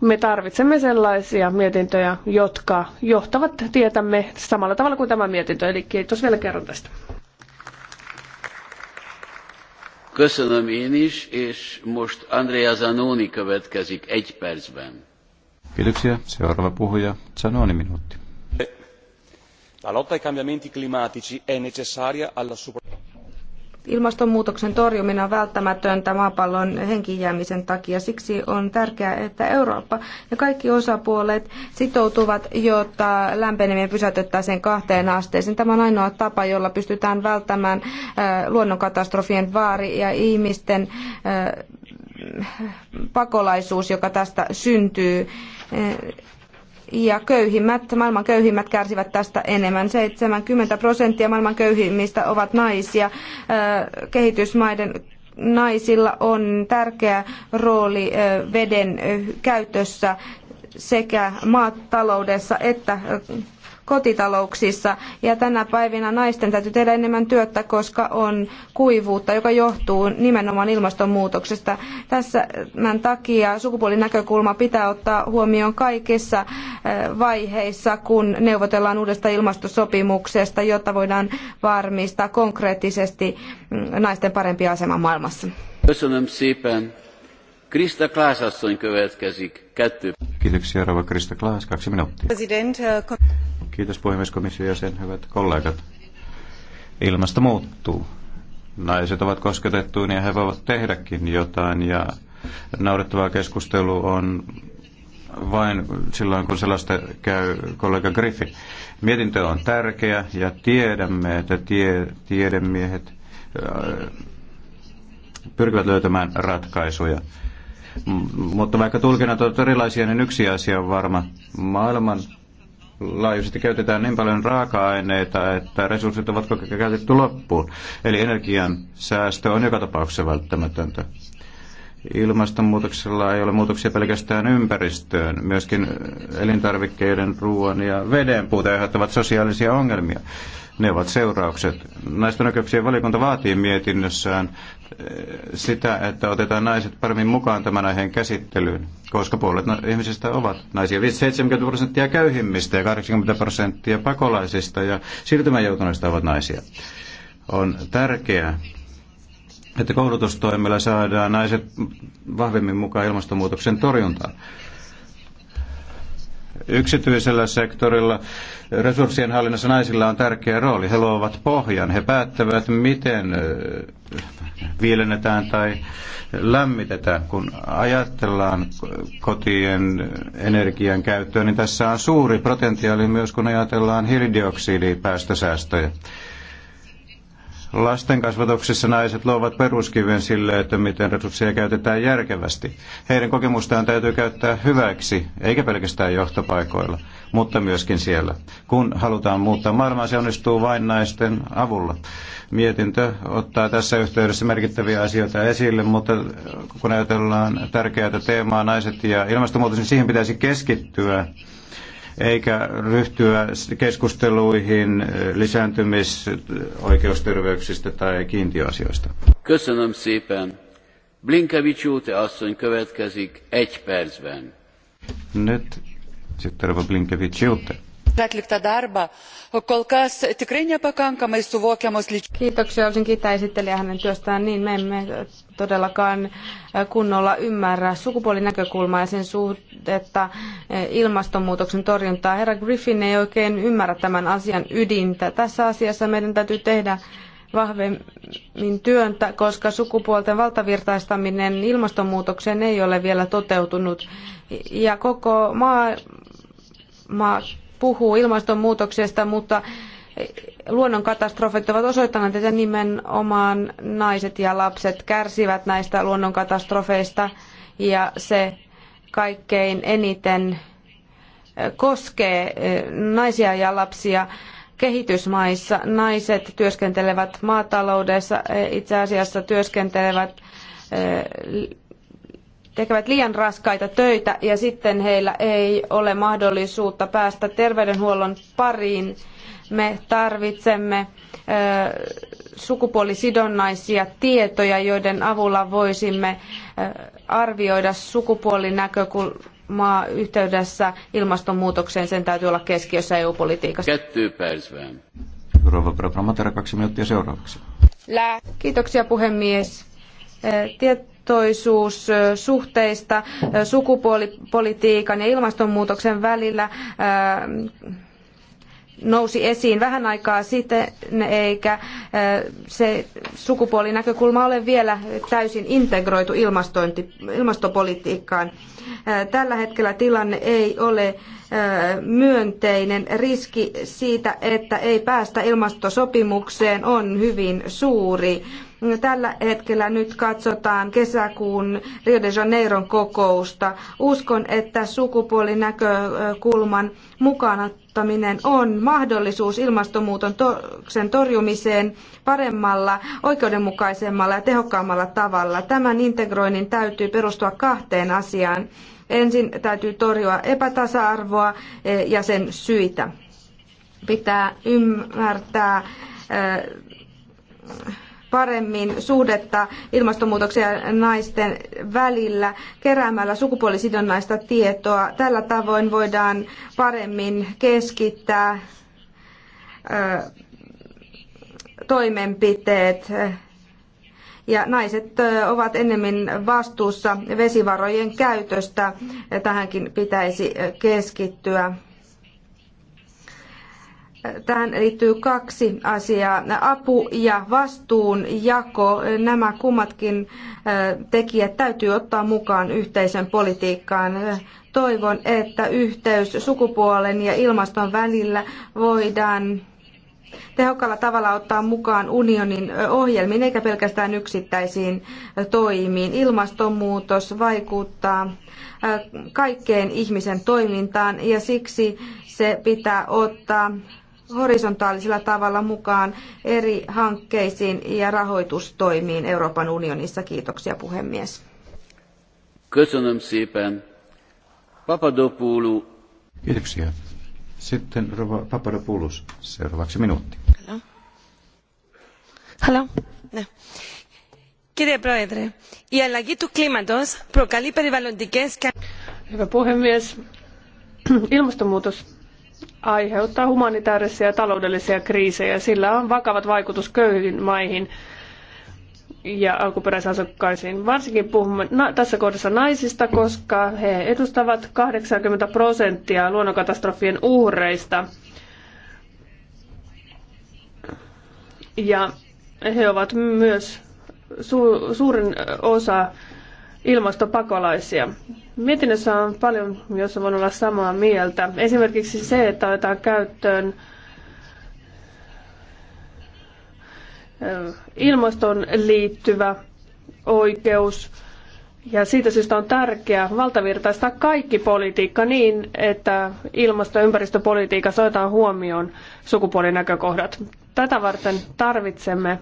S4: me tarvitsemme sellaisia mietintöjä, jotka johtavat tietämme samalla tavalla kuin tämä mietintö. Eli kiitos vielä kerran tästä.
S1: Köszönöm én is, és most Andrea Zanoni következik egy percben.
S2: Kiitoksia. Seuraava puhuja, Zanoni minuutti.
S1: La lotta ai cambiamenti climatici è necessaria alla
S5: Ilmastonmuutoksen torjuminen on välttämätöntä maapallon henkijäämisen takia. Siksi on tärkeää, että Eurooppa ja kaikki osapuolet sitoutuvat, jotta lämpeneminen pysäytettäisiin kahteen asteeseen. Tämä on ainoa tapa, jolla pystytään välttämään äh, luonnonkatastrofien vaari ja ihmisten äh, pakolaisuus, joka tästä syntyy äh, ja köyhimmät, maailman köyhimmät kärsivät tästä enemmän. 70 prosenttia maailman köyhimmistä ovat naisia. Kehitysmaiden naisilla on tärkeä rooli veden käytössä sekä maataloudessa että kotitalouksissa. Ja tänä päivänä naisten täytyy tehdä enemmän työtä, koska on kuivuutta, joka johtuu nimenomaan ilmastonmuutoksesta. Tässä tämän takia sukupuolinäkökulma pitää ottaa huomioon kaikissa vaiheissa, kun neuvotellaan uudesta ilmastosopimuksesta, jotta voidaan varmistaa konkreettisesti naisten parempi asema maailmassa.
S1: Köszönöm szépen. Krista Klaas asszony következik. Kettő.
S2: Kiitoksia, rava Krista Klaas. Kaksi minuuttia.
S5: Äh,
S2: Kiitos puhemieskomission jäsen, hyvät kollegat. Ilmasto muuttuu. Naiset ovat kosketettuja ja he voivat tehdäkin jotain ja naurettavaa keskustelu on vain silloin, kun sellaista käy kollega Griffin. Mietintö on tärkeä ja tiedämme, että tie, tiedemiehet äh, pyrkivät löytämään ratkaisuja. Mutta vaikka tulkinnat ovat erilaisia, niin yksi asia on varma. Maailman laajuisesti käytetään niin paljon raaka-aineita, että resurssit ovat koko käytetty loppuun. Eli energian säästö on joka tapauksessa välttämätöntä. Ilmastonmuutoksella ei ole muutoksia pelkästään ympäristöön. Myöskin elintarvikkeiden, ruoan ja veden puute aiheuttavat sosiaalisia ongelmia ne ovat seuraukset. Naisten oikeuksien valiokunta vaatii mietinnössään eh, sitä, että otetaan naiset paremmin mukaan tämän aiheen käsittelyyn, koska puolet ihmisistä ovat naisia. 70 prosenttia köyhimmistä ja 80 prosenttia pakolaisista ja siirtymään joutuneista ovat naisia. On tärkeää, että koulutustoimilla saadaan naiset vahvemmin mukaan ilmastonmuutoksen torjuntaan yksityisellä sektorilla resurssien hallinnassa naisilla on tärkeä rooli. He luovat pohjan. He päättävät, miten viilennetään tai lämmitetään. Kun ajatellaan kotien energian käyttöä, niin tässä on suuri potentiaali myös, kun ajatellaan hiilidioksidipäästösäästöjä. Lasten kasvatuksessa naiset luovat peruskiven sille, että miten resursseja käytetään järkevästi. Heidän kokemustaan täytyy käyttää hyväksi, eikä pelkästään johtopaikoilla, mutta myöskin siellä. Kun halutaan muuttaa maailmaa, se onnistuu vain naisten avulla. Mietintö ottaa tässä yhteydessä merkittäviä asioita esille, mutta kun ajatellaan tärkeää teemaa naiset ja ilmastonmuutos, niin siihen pitäisi keskittyä eikä ryhtyä keskusteluihin lisääntymisoikeusterveyksistä tai kiintiöasioista.
S1: Köszönöm szépen. Blinkevics Jute asszony következik egy percben.
S2: Nyt sitten Blinkevics Jute
S5: atliktą darbą. Kol kas tikrai nepakankamai suvokiamos lyčių. Kiitoksia, olisin kiittää esittelijä hänen työstään. Niin, me emme todellakaan kunnolla ymmärrä sukupuolinäkökulmaa ja sen suhdetta eh, ilmastonmuutoksen torjuntaa. Herra Griffin ei oikein ymmärrä tämän asian ydintä. Tässä asiassa meidän täytyy tehdä vahvemmin työntä, koska sukupuolten valtavirtaistaminen ilmastonmuutokseen ei ole vielä toteutunut. Ja koko maa, maa puhuu ilmastonmuutoksesta, mutta luonnonkatastrofit ovat osoittaneet, että nimenomaan naiset ja lapset kärsivät näistä luonnonkatastrofeista ja se kaikkein eniten koskee naisia ja lapsia kehitysmaissa. Naiset työskentelevät maataloudessa, itse asiassa työskentelevät tekevät liian raskaita töitä ja sitten heillä ei ole mahdollisuutta päästä terveydenhuollon pariin. Me tarvitsemme sukupuolisidonnaisia tietoja, joiden avulla voisimme arvioida sukupuolinäkökulmaa yhteydessä ilmastonmuutokseen. Sen täytyy olla keskiössä EU-politiikassa.
S2: Rouva kaksi minuuttia seuraavaksi.
S5: Kiitoksia puhemies. Tiet- tietoisuus suhteista sukupuolipolitiikan ja ilmastonmuutoksen välillä nousi esiin vähän aikaa sitten, eikä se sukupuolinäkökulma ole vielä täysin integroitu ilmastopolitiikkaan. Tällä hetkellä tilanne ei ole myönteinen. Riski siitä, että ei päästä ilmastosopimukseen, on hyvin suuri. Tällä hetkellä nyt katsotaan kesäkuun Rio de Janeiron kokousta. Uskon, että sukupuolinäkökulman mukana vaikuttaminen on mahdollisuus ilmastonmuutoksen torjumiseen paremmalla, oikeudenmukaisemmalla ja tehokkaammalla tavalla. Tämän integroinnin täytyy perustua kahteen asiaan. Ensin täytyy torjua epätasa-arvoa e, ja sen syitä. Pitää ymmärtää e, paremmin suhdetta ilmastonmuutoksen ja naisten välillä keräämällä sukupuolisidonnaista tietoa. Tällä tavoin voidaan paremmin keskittää toimenpiteet ja naiset ovat enemmän vastuussa vesivarojen käytöstä. Tähänkin pitäisi keskittyä. Tähän liittyy kaksi asiaa, apu ja vastuunjako. Nämä kummatkin tekijät täytyy ottaa mukaan yhteisen politiikkaan. Toivon, että yhteys sukupuolen ja ilmaston välillä voidaan tehokkaalla tavalla ottaa mukaan unionin ohjelmiin eikä pelkästään yksittäisiin toimiin. Ilmastonmuutos vaikuttaa kaikkeen ihmisen toimintaan ja siksi se pitää ottaa horisontaalisella tavalla mukaan eri hankkeisiin ja rahoitustoimiin Euroopan unionissa. Kiitoksia puhemies.
S1: Köszönöm szépen. Papadopoulou. Kiitoksia.
S2: Sitten Rova Papadopoulos, seuraavaksi minuutti.
S3: Hello. Hello. No. Κύριε Πρόεδρε, η αλλαγή του κλίματος προκαλεί περιβαλλοντικές...
S4: Hyvä puhemies. Ilmastonmuutos aiheuttaa humanitaarisia ja taloudellisia kriisejä. Sillä on vakavat vaikutus köyhiin maihin ja alkuperäisasukkaisiin. Varsinkin puhumme tässä kohdassa naisista, koska he edustavat 80 prosenttia luonnonkatastrofien uhreista. Ja he ovat myös su- suurin osa ilmastopakolaisia. Mietinnössä on paljon, jossa voin olla samaa mieltä. Esimerkiksi se, että otetaan käyttöön ilmastoon liittyvä oikeus. Ja siitä syystä on tärkeää valtavirtaistaa kaikki politiikka niin, että ilmasto- ja ympäristöpolitiikassa otetaan huomioon sukupuolinäkökohdat. Tätä varten tarvitsemme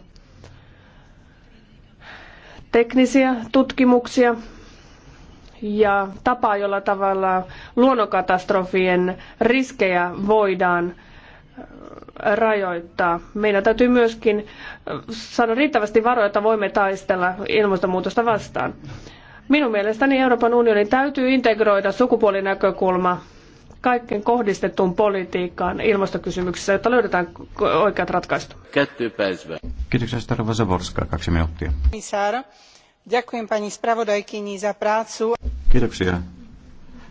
S4: teknisiä tutkimuksia, ja tapa, jolla tavalla luonnonkatastrofien riskejä voidaan äh, rajoittaa. Meidän täytyy myöskin äh, saada riittävästi varoja, että voimme taistella ilmastonmuutosta vastaan. Minun mielestäni Euroopan unionin täytyy integroida sukupuolinäkökulma kaikkeen kohdistettuun politiikkaan ilmastokysymyksissä, jotta löydetään
S1: oikeat ratkaisut.
S2: Kiitoksia, Starva Zaborska, kaksi minuuttia.
S3: Ďakujem pani spravodajkyni za prácu.
S2: Kiitoksia.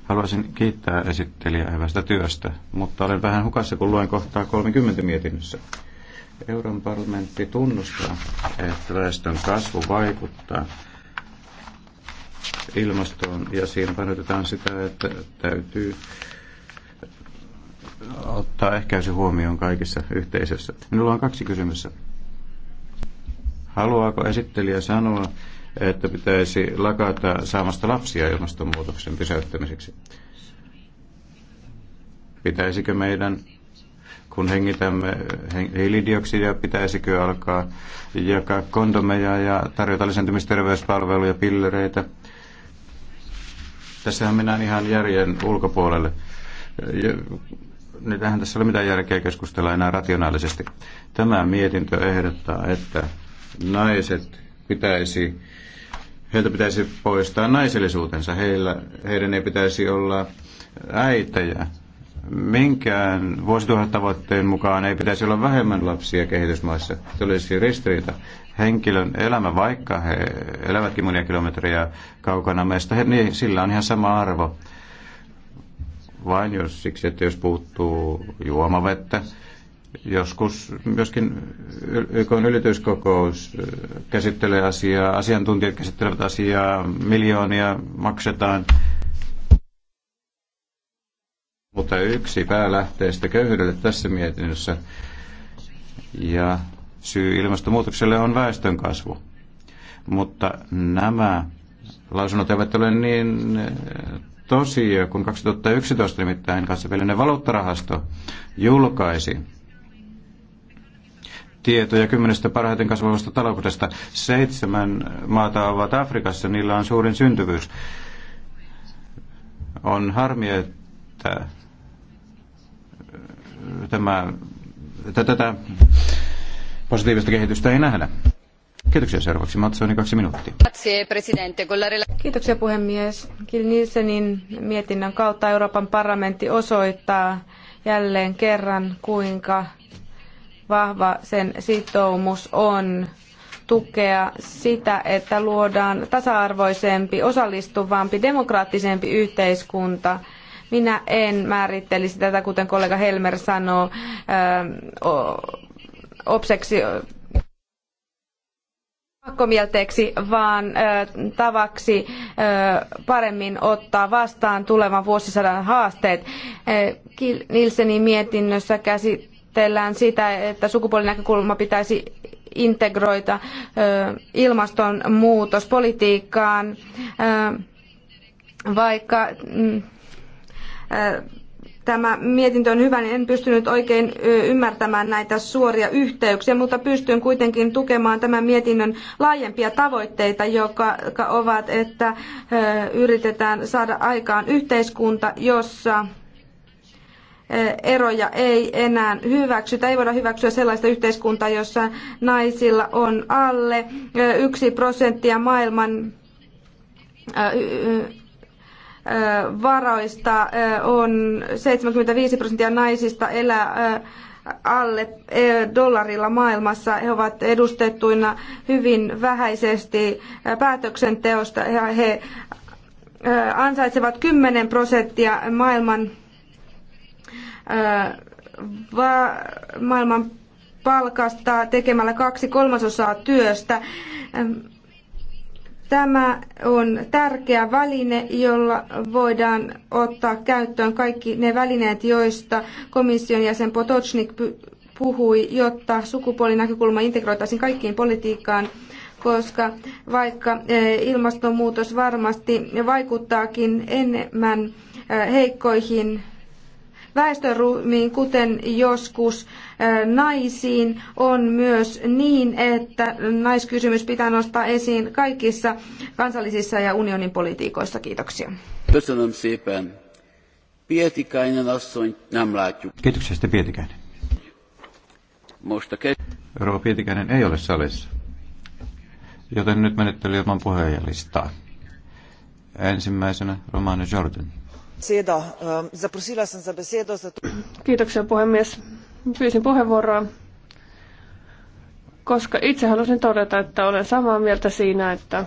S2: Haluaisin kiittää esittelijää hyvästä työstä, mutta olen vähän hukassa, kun luen kohtaa 30 mietinnössä. Euroopan parlamentti tunnustaa, että väestön kasvu vaikuttaa ilmastoon ja siinä painotetaan sitä, että täytyy ottaa ehkäisy huomioon kaikissa yhteisöissä. Minulla on kaksi kysymystä. Haluaako esittelijä sanoa, että pitäisi lakata saamasta lapsia ilmastonmuutoksen pysäyttämiseksi? Pitäisikö meidän, kun hengitämme hiilidioksidia, pitäisikö alkaa jakaa kondomeja ja tarjota lisääntymisterveyspalveluja, pillereitä? Tässähän mennään ihan järjen ulkopuolelle niin tähän tässä ei ole mitään järkeä keskustella enää rationaalisesti. Tämä mietintö ehdottaa, että naiset pitäisi heiltä pitäisi poistaa naisellisuutensa. Heillä, heidän ei pitäisi olla äitejä. Minkään vuosituhattavoitteen mukaan ei pitäisi olla vähemmän lapsia kehitysmaissa. olisi ristiriita. Henkilön elämä, vaikka he elävätkin monia kilometriä kaukana meistä, niin sillä on ihan sama arvo. Vain jos siksi, että jos puuttuu juomavettä, Joskus myöskin YK ylityskokous käsittelee asiaa, asiantuntijat käsittelevät asiaa, miljoonia maksetaan. Mutta yksi päälähteistä köyhyydelle tässä mietinnössä ja syy ilmastonmuutokselle on väestön kasvu. Mutta nämä lausunnot eivät ole niin tosia, kun 2011 nimittäin kansainvälinen valuuttarahasto julkaisi tietoja kymmenestä parhaiten kasvavasta taloudesta. Seitsemän maata ovat Afrikassa, niillä on suurin syntyvyys. On harmi, että äh, tämä, että tätä positiivista kehitystä ei nähdä. Kiitoksia seuraavaksi. Matsoni kaksi minuuttia.
S5: Kiitoksia puhemies. Kil Nielsenin mietinnön kautta Euroopan parlamentti osoittaa jälleen kerran, kuinka vahva sen sitoumus on tukea sitä, että luodaan tasa-arvoisempi, osallistuvampi, demokraattisempi yhteiskunta. Minä en määrittelisi tätä, kuten kollega Helmer sanoo, ähm, obseksi pakkomielteeksi, vaan äh, tavaksi äh, paremmin ottaa vastaan tulevan vuosisadan haasteet. Äh, Nielsenin mietinnössä käsit käsitellään sitä, että sukupuolinäkökulma pitäisi integroida ilmastonmuutospolitiikkaan, vaikka mm, tämä mietintö on hyvä, niin en pystynyt oikein ymmärtämään näitä suoria yhteyksiä, mutta pystyn kuitenkin tukemaan tämän mietinnön laajempia tavoitteita, jotka ovat, että yritetään saada aikaan yhteiskunta, jossa eroja ei enää hyväksytä. Ei voida hyväksyä sellaista yhteiskuntaa, jossa naisilla on alle yksi prosenttia maailman varoista on 75 prosenttia naisista elää alle dollarilla maailmassa. He ovat edustettuina hyvin vähäisesti päätöksenteosta. He ansaitsevat kymmenen prosenttia maailman maailman palkasta tekemällä kaksi kolmasosaa työstä. Tämä on tärkeä väline, jolla voidaan ottaa käyttöön kaikki ne välineet, joista komission jäsen Potocnik puhui, jotta sukupuolinäkökulma integroitaisiin kaikkiin politiikkaan koska vaikka ilmastonmuutos varmasti vaikuttaakin enemmän heikkoihin väestöryhmiin, kuten joskus naisiin, on myös niin, että naiskysymys pitää nostaa esiin kaikissa kansallisissa ja unionin politiikoissa. Kiitoksia.
S1: Köszönöm szépen. Pietikäinen asszony nem látjuk. Kiitoksia sitten Pietikäinen. Mosta
S2: Rouva Pietikäinen ei ole salissa, joten nyt menettely ilman puheenjohtajalistaa. Ensimmäisenä
S4: Romano Jordan. Ehm, Kiitoksia puhemies. Pyysin puheenvuoroa, koska itse halusin todeta, että olen samaa mieltä siinä, että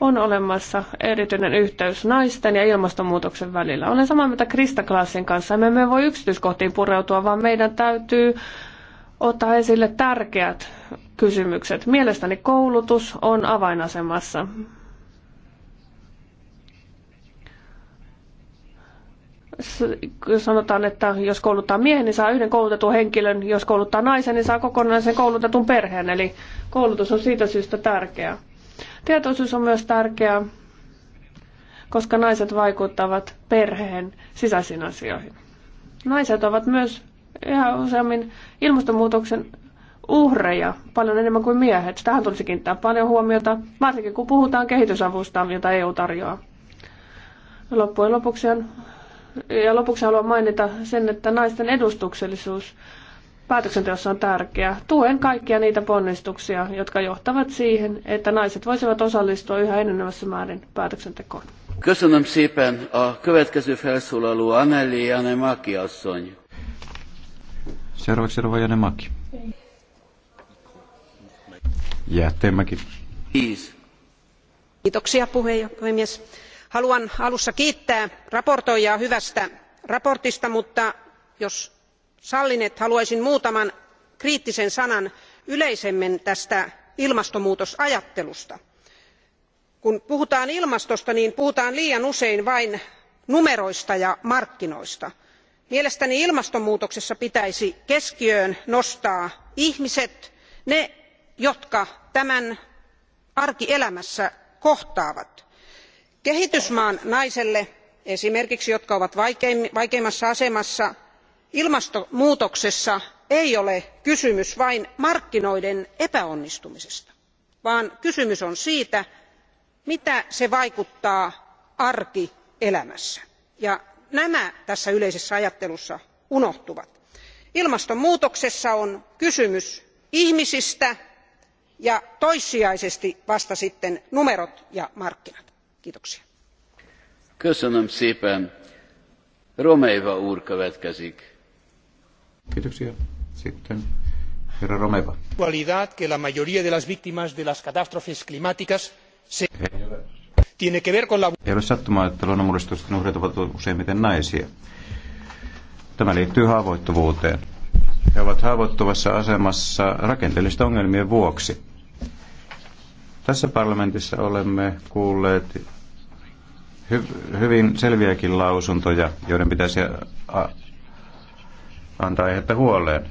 S4: on olemassa erityinen yhteys naisten ja ilmastonmuutoksen välillä. Olen samaa mieltä Krista Klassin kanssa. Me emme voi yksityiskohtiin pureutua, vaan meidän täytyy ottaa esille tärkeät kysymykset. Mielestäni koulutus on avainasemassa. sanotaan, että jos kouluttaa miehen, niin saa yhden koulutetun henkilön, jos kouluttaa naisen, niin saa kokonaisen koulutetun perheen. Eli koulutus on siitä syystä tärkeä. Tietoisuus on myös tärkeä, koska naiset vaikuttavat perheen sisäisiin asioihin. Naiset ovat myös yhä useammin ilmastonmuutoksen uhreja paljon enemmän kuin miehet. Tähän tulisi kiinnittää paljon huomiota, varsinkin kun puhutaan kehitysavusta, jota EU tarjoaa. Loppujen lopuksi on ja lopuksi haluan mainita sen, että naisten edustuksellisuus päätöksenteossa on tärkeää. Tuen kaikkia niitä ponnistuksia, jotka johtavat siihen, että naiset voisivat osallistua yhä enenevässä määrin päätöksentekoon.
S1: Köszönöm szépen a következő felszólaló Anneli Janemaki asszony.
S2: Seuraavaksi Rova Janemaki. Jäätteenmäki.
S3: Kiitoksia puheenjohtaja haluan alussa kiittää esittelijää hyvästä mietinnöstä mutta jos sallinette, haluaisin muutaman kriittisen sanan yleisemmin tästä ilmastonmuutosajattelusta. kun puhutaan ilmastosta niin puhutaan liian usein vain numeroista ja markkinoista. mielestäni ilmastonmuutoksessa pitäisi keskiöön nostaa ihmiset ne jotka tämän arkielämässä kohtaavat kehitysmaan naiselle esimerkiksi jotka ovat vaikeimmassa asemassa ilmastonmuutoksessa ei ole kysymys vain markkinoiden epäonnistumisesta vaan kysymys on siitä mitä se vaikuttaa arkielämässä ja nämä tässä yleisessä ajattelussa unohtuvat. ilmastonmuutoksessa on kysymys ihmisistä ja toissijaisesti vasta sitten numerot ja markkinat. Kiitoksia.
S1: Köszönöm szépen. Romeiva úr következik.
S2: Kiitoksia. Sitten herra Romeiva. Cualidad que
S5: la mayoría de las víctimas de las catástrofes climáticas se... Tiene que ver con la...
S2: Ei ole sattumaa, että luonnonmullistusten uhreet ovat useimmiten naisia. Tämä liittyy haavoittuvuuteen. He ovat haavoittuvassa asemassa rakenteellisten ongelmien vuoksi. Tässä parlamentissa olemme kuulleet hy- hyvin selviäkin lausuntoja, joiden pitäisi antaa aihetta huoleen.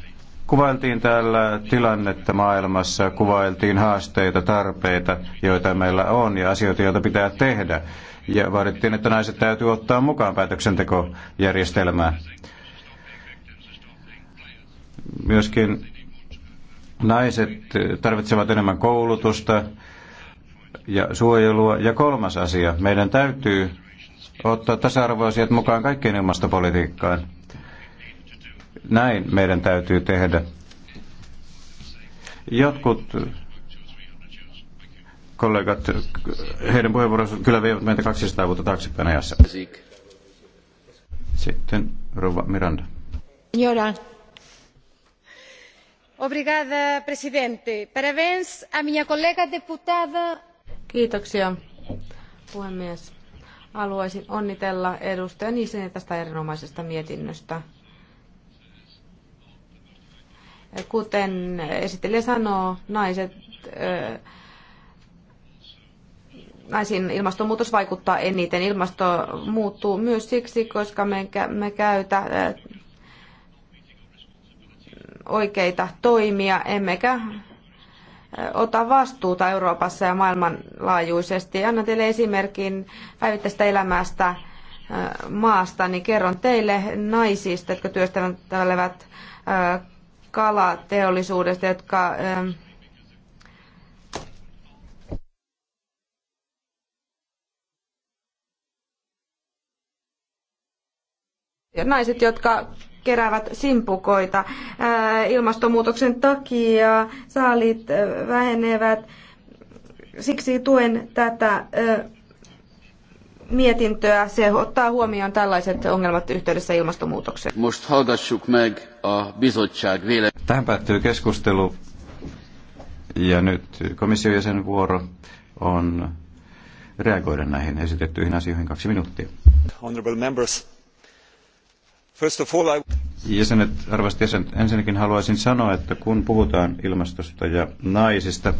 S2: Kuvailtiin täällä tilannetta maailmassa, kuvailtiin haasteita, tarpeita, joita meillä on ja asioita, joita pitää tehdä. Ja vaadittiin, että naiset täytyy ottaa mukaan päätöksentekojärjestelmään. Myöskin naiset tarvitsevat enemmän koulutusta, ja suojelua. Ja kolmas asia, meidän täytyy ottaa tasa-arvoasiat mukaan kaikkeen ilmastopolitiikkaan. Näin meidän täytyy tehdä. Jotkut kollegat, heidän puheenvuoronsa kyllä vievät meitä 200 vuotta taaksepäin ajassa. Sitten Rova Miranda.
S5: Signora. Obrigada, presidente. Parabéns a minha colega deputada Kiitoksia, puhemies. Haluaisin onnitella edustaja Niisinen tästä erinomaisesta mietinnöstä. Kuten esittelijä sanoo, naiset äh, naisiin ilmastonmuutos vaikuttaa eniten. Ilmasto muuttuu myös siksi, koska me, me käytä äh, oikeita toimia, emmekä ota vastuuta Euroopassa ja maailmanlaajuisesti. Annan teille esimerkin päivittäistä elämästä äh, maasta, niin kerron teille naisista, jotka työstävät äh, kalateollisuudesta, jotka ähm, naiset, jotka keräävät simpukoita. Ilmastonmuutoksen takia saalit vähenevät. Siksi tuen tätä mietintöä. Se ottaa huomioon tällaiset ongelmat yhteydessä ilmastonmuutokseen.
S1: Tähän päättyy keskustelu.
S2: Ja nyt komission vuoro on reagoida näihin esitettyihin asioihin kaksi minuuttia. Honorable members. Jäsenet, arvoisat jäsenet, ensinnäkin haluaisin sanoa, että kun puhutaan ilmastosta ja naisista,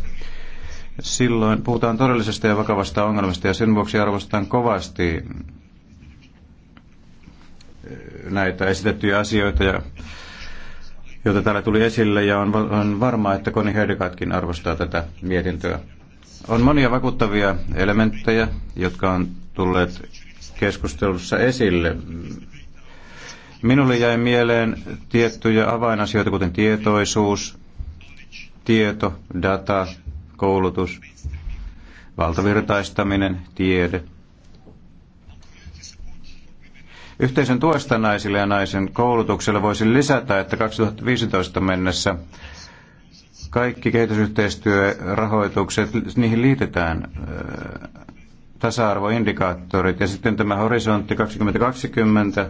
S2: silloin puhutaan todellisesta ja vakavasta ongelmasta ja sen vuoksi arvostan kovasti eh, näitä esitettyjä asioita, ja, joita täällä tuli esille ja on, on varmaa, että Koni Heidekatkin arvostaa tätä mietintöä. On monia vakuuttavia elementtejä, jotka on tulleet keskustelussa esille. Minulle jäi mieleen tiettyjä avainasioita, kuten tietoisuus, tieto, data, koulutus, valtavirtaistaminen, tiede. Yhteisön tuesta naisille ja naisen koulutukselle voisi lisätä, että 2015 mennessä kaikki kehitysyhteistyörahoitukset, niihin liitetään tasa-arvoindikaattorit ja sitten tämä horisontti 2020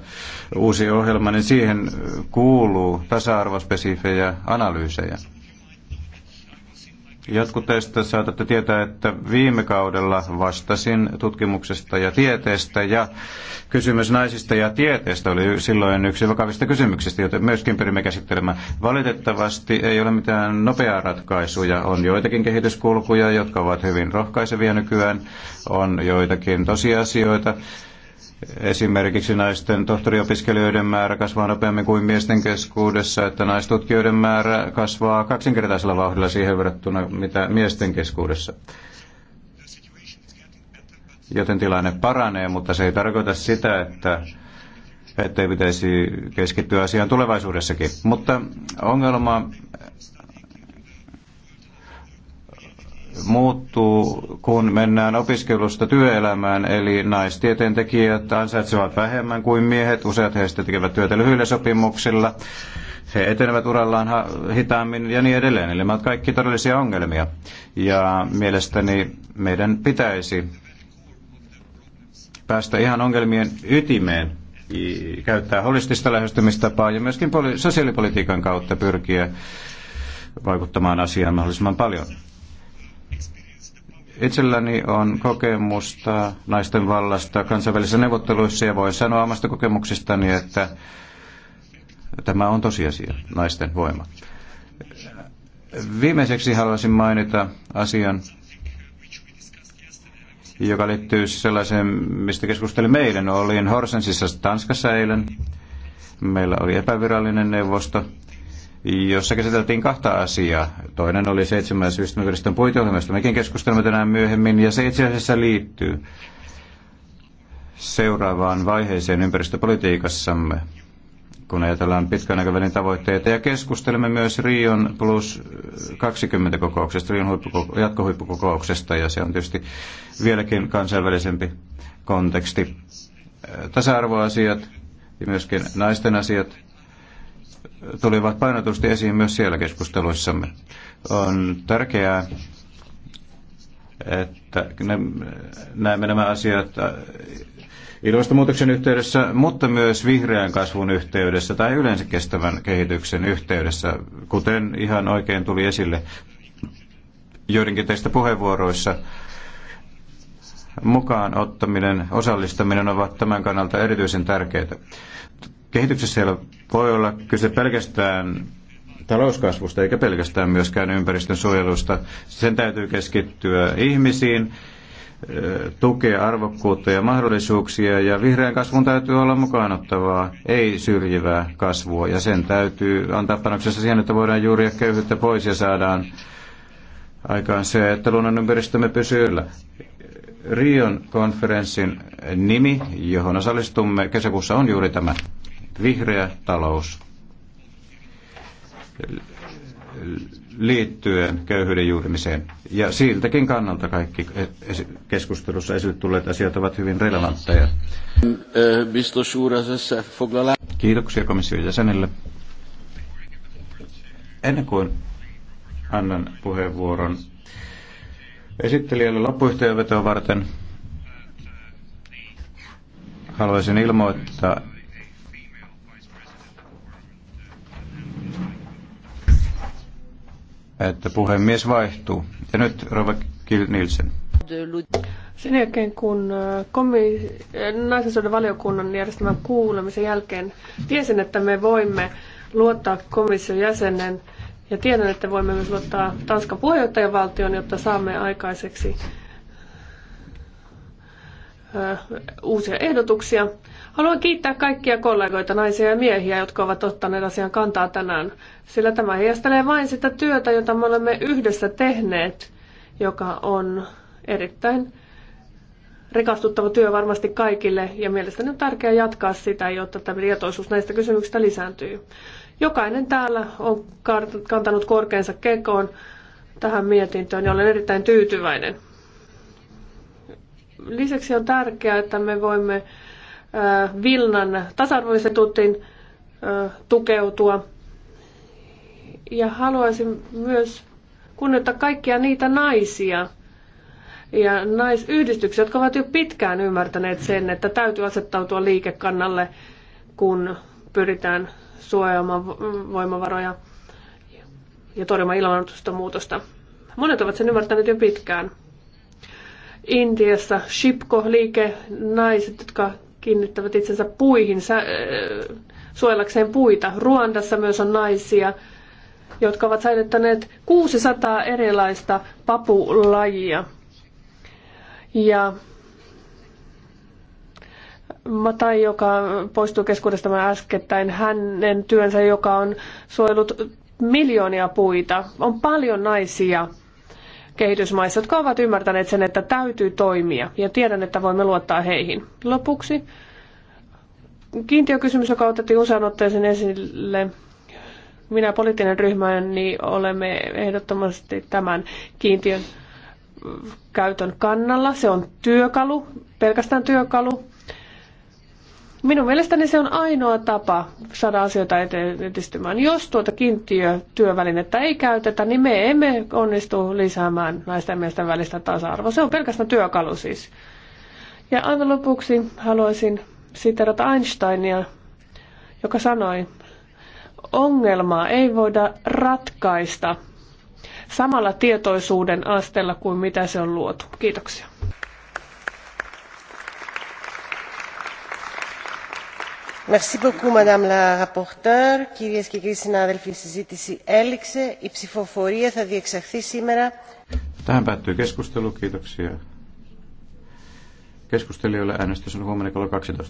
S2: uusi ohjelma, niin siihen kuuluu tasa-arvospesifejä analyysejä. Jotkut teistä saatatte tietää, että viime kaudella vastasin tutkimuksesta ja tieteestä ja kysymys naisista ja tieteestä oli silloin yksi vakavista kysymyksistä, joten myöskin pyrimme käsittelemään. Valitettavasti ei ole mitään nopeaa ratkaisuja. On joitakin kehityskulkuja, jotka ovat hyvin rohkaisevia nykyään. On joitakin tosiasioita, Esimerkiksi naisten tohtoriopiskelijoiden määrä kasvaa nopeammin kuin miesten keskuudessa, että naistutkijoiden määrä kasvaa kaksinkertaisella vauhdilla siihen verrattuna, mitä miesten keskuudessa. Joten tilanne paranee, mutta se ei tarkoita sitä, että ettei pitäisi keskittyä asiaan tulevaisuudessakin. Mutta ongelma muuttuu, kun mennään opiskelusta työelämään, eli naistieteen tekijät ansaitsevat vähemmän kuin miehet, useat heistä tekevät työtä lyhyillä sopimuksilla, he etenevät urallaan hitaammin ja niin edelleen, eli nämä ovat kaikki todellisia ongelmia. Ja mielestäni meidän pitäisi päästä ihan ongelmien ytimeen, käyttää holistista lähestymistapaa ja myöskin sosiaalipolitiikan kautta pyrkiä vaikuttamaan asiaan mahdollisimman paljon. Itselläni on kokemusta naisten vallasta kansainvälisissä neuvotteluissa ja voin sanoa omasta kokemuksestani, että tämä on tosiasia, naisten voima. Viimeiseksi haluaisin mainita asian, joka liittyy sellaiseen, mistä keskustelimme meidän Olin Horsensissa Tanskassa eilen. Meillä oli epävirallinen neuvosto jossa käsiteltiin kahta asiaa. Toinen oli seitsemän ympäristön puiteohjelmasta. Mekin keskustelemme tänään myöhemmin ja se itse asiassa liittyy seuraavaan vaiheeseen ympäristöpolitiikassamme, kun ajatellaan pitkän aikavälin tavoitteita. Ja keskustelemme myös Rion plus 20 kokouksesta, Rion huippuko- jatkohuippukokouksesta, ja se on tietysti vieläkin kansainvälisempi konteksti. Tasa-arvoasiat ja myöskin naisten asiat tulivat painotusti esiin myös siellä keskusteluissamme. On tärkeää, että näemme nämä asiat äh, ilmastonmuutoksen yhteydessä, mutta myös vihreän kasvun yhteydessä tai yleensä kestävän kehityksen yhteydessä, kuten ihan oikein tuli esille joidenkin teistä puheenvuoroissa. Mukaan ottaminen, osallistaminen ovat tämän kannalta erityisen tärkeitä kehityksessä ei voi olla kyse pelkästään talouskasvusta eikä pelkästään myöskään ympäristön suojelusta. Sen täytyy keskittyä ihmisiin, tukea arvokkuutta ja mahdollisuuksia ja vihreän kasvun täytyy olla mukaanottavaa, ei syrjivää kasvua ja sen täytyy antaa panoksessa siihen, että voidaan juuria köyhyyttä pois ja saadaan aikaan se, että ympäristömme pysyy yllä. Rion konferenssin nimi, johon osallistumme kesäkuussa, on juuri tämä. Vihreä talous liittyen köyhyyden juurimiseen. Ja siltäkin kannalta kaikki keskustelussa esille tulleet asiat ovat hyvin relevantteja. Kiitoksia komission jäsenille. Ennen kuin annan puheenvuoron esittelijälle loppuyhteenvetoa varten, haluaisin ilmoittaa, että puhemies vaihtuu. Ja nyt Rova Nielsen.
S4: Sen jälkeen, kun äh, komi- äh, naisensuojelun valiokunnan järjestämän kuulemisen jälkeen tiesin, että me voimme luottaa komission jäsenen ja tiedän, että voimme myös luottaa Tanskan puheenjohtajavaltion, jotta saamme aikaiseksi äh, uusia ehdotuksia. Haluan kiittää kaikkia kollegoita, naisia ja miehiä, jotka ovat ottaneet asian kantaa tänään, sillä tämä heijastelee vain sitä työtä, jota me olemme yhdessä tehneet, joka on erittäin rikastuttava työ varmasti kaikille ja mielestäni on tärkeää jatkaa sitä, jotta tämä tietoisuus näistä kysymyksistä lisääntyy. Jokainen täällä on kantanut korkeensa kekoon tähän mietintöön ja olen erittäin tyytyväinen. Lisäksi on tärkeää, että me voimme Vilnan tasa-arvoinstituutin tukeutua. Ja haluaisin myös kunnioittaa kaikkia niitä naisia ja naisyhdistyksiä, jotka ovat jo pitkään ymmärtäneet sen, että täytyy asettautua liikekannalle, kun pyritään suojaamaan voimavaroja ja torjumaan ilmanotusta muutosta. Monet ovat sen ymmärtäneet jo pitkään. Intiassa Shipko-liike, naiset, jotka kiinnittävät itsensä puihin äh, suojellakseen puita. Ruandassa myös on naisia, jotka ovat säilyttäneet 600 erilaista papulajia. Ja Matai, joka poistui keskuudestamme äskettäin, hänen työnsä, joka on suojellut miljoonia puita. On paljon naisia, kehitysmaissa, jotka ovat ymmärtäneet sen, että täytyy toimia. Ja tiedän, että voimme luottaa heihin. Lopuksi kiintiökysymys, joka otettiin usean otteeseen esille. Minä poliittinen ryhmä, niin olemme ehdottomasti tämän kiintiön käytön kannalla. Se on työkalu, pelkästään työkalu, Minun mielestäni se on ainoa tapa saada asioita edistymään. Jos tuota kiintiötyövälinettä ei käytetä, niin me emme onnistu lisäämään naisten ja miesten välistä tasa-arvoa. Se on pelkästään työkalu siis. Ja aivan lopuksi haluaisin siterata Einsteinia, joka sanoi, ongelmaa ei voida ratkaista samalla tietoisuuden asteella kuin mitä se on luotu. Kiitoksia. Merci beaucoup, Madame la Rapporteur.
S3: Κυρίες και κύριοι συνάδελφοι, η συζήτηση έληξε. Η ψηφοφορία θα διεξαχθεί σήμερα.
S2: Tähän päättyy keskustelu. Kiitoksia. Keskustelijoille äänestys on huomenna kello 12.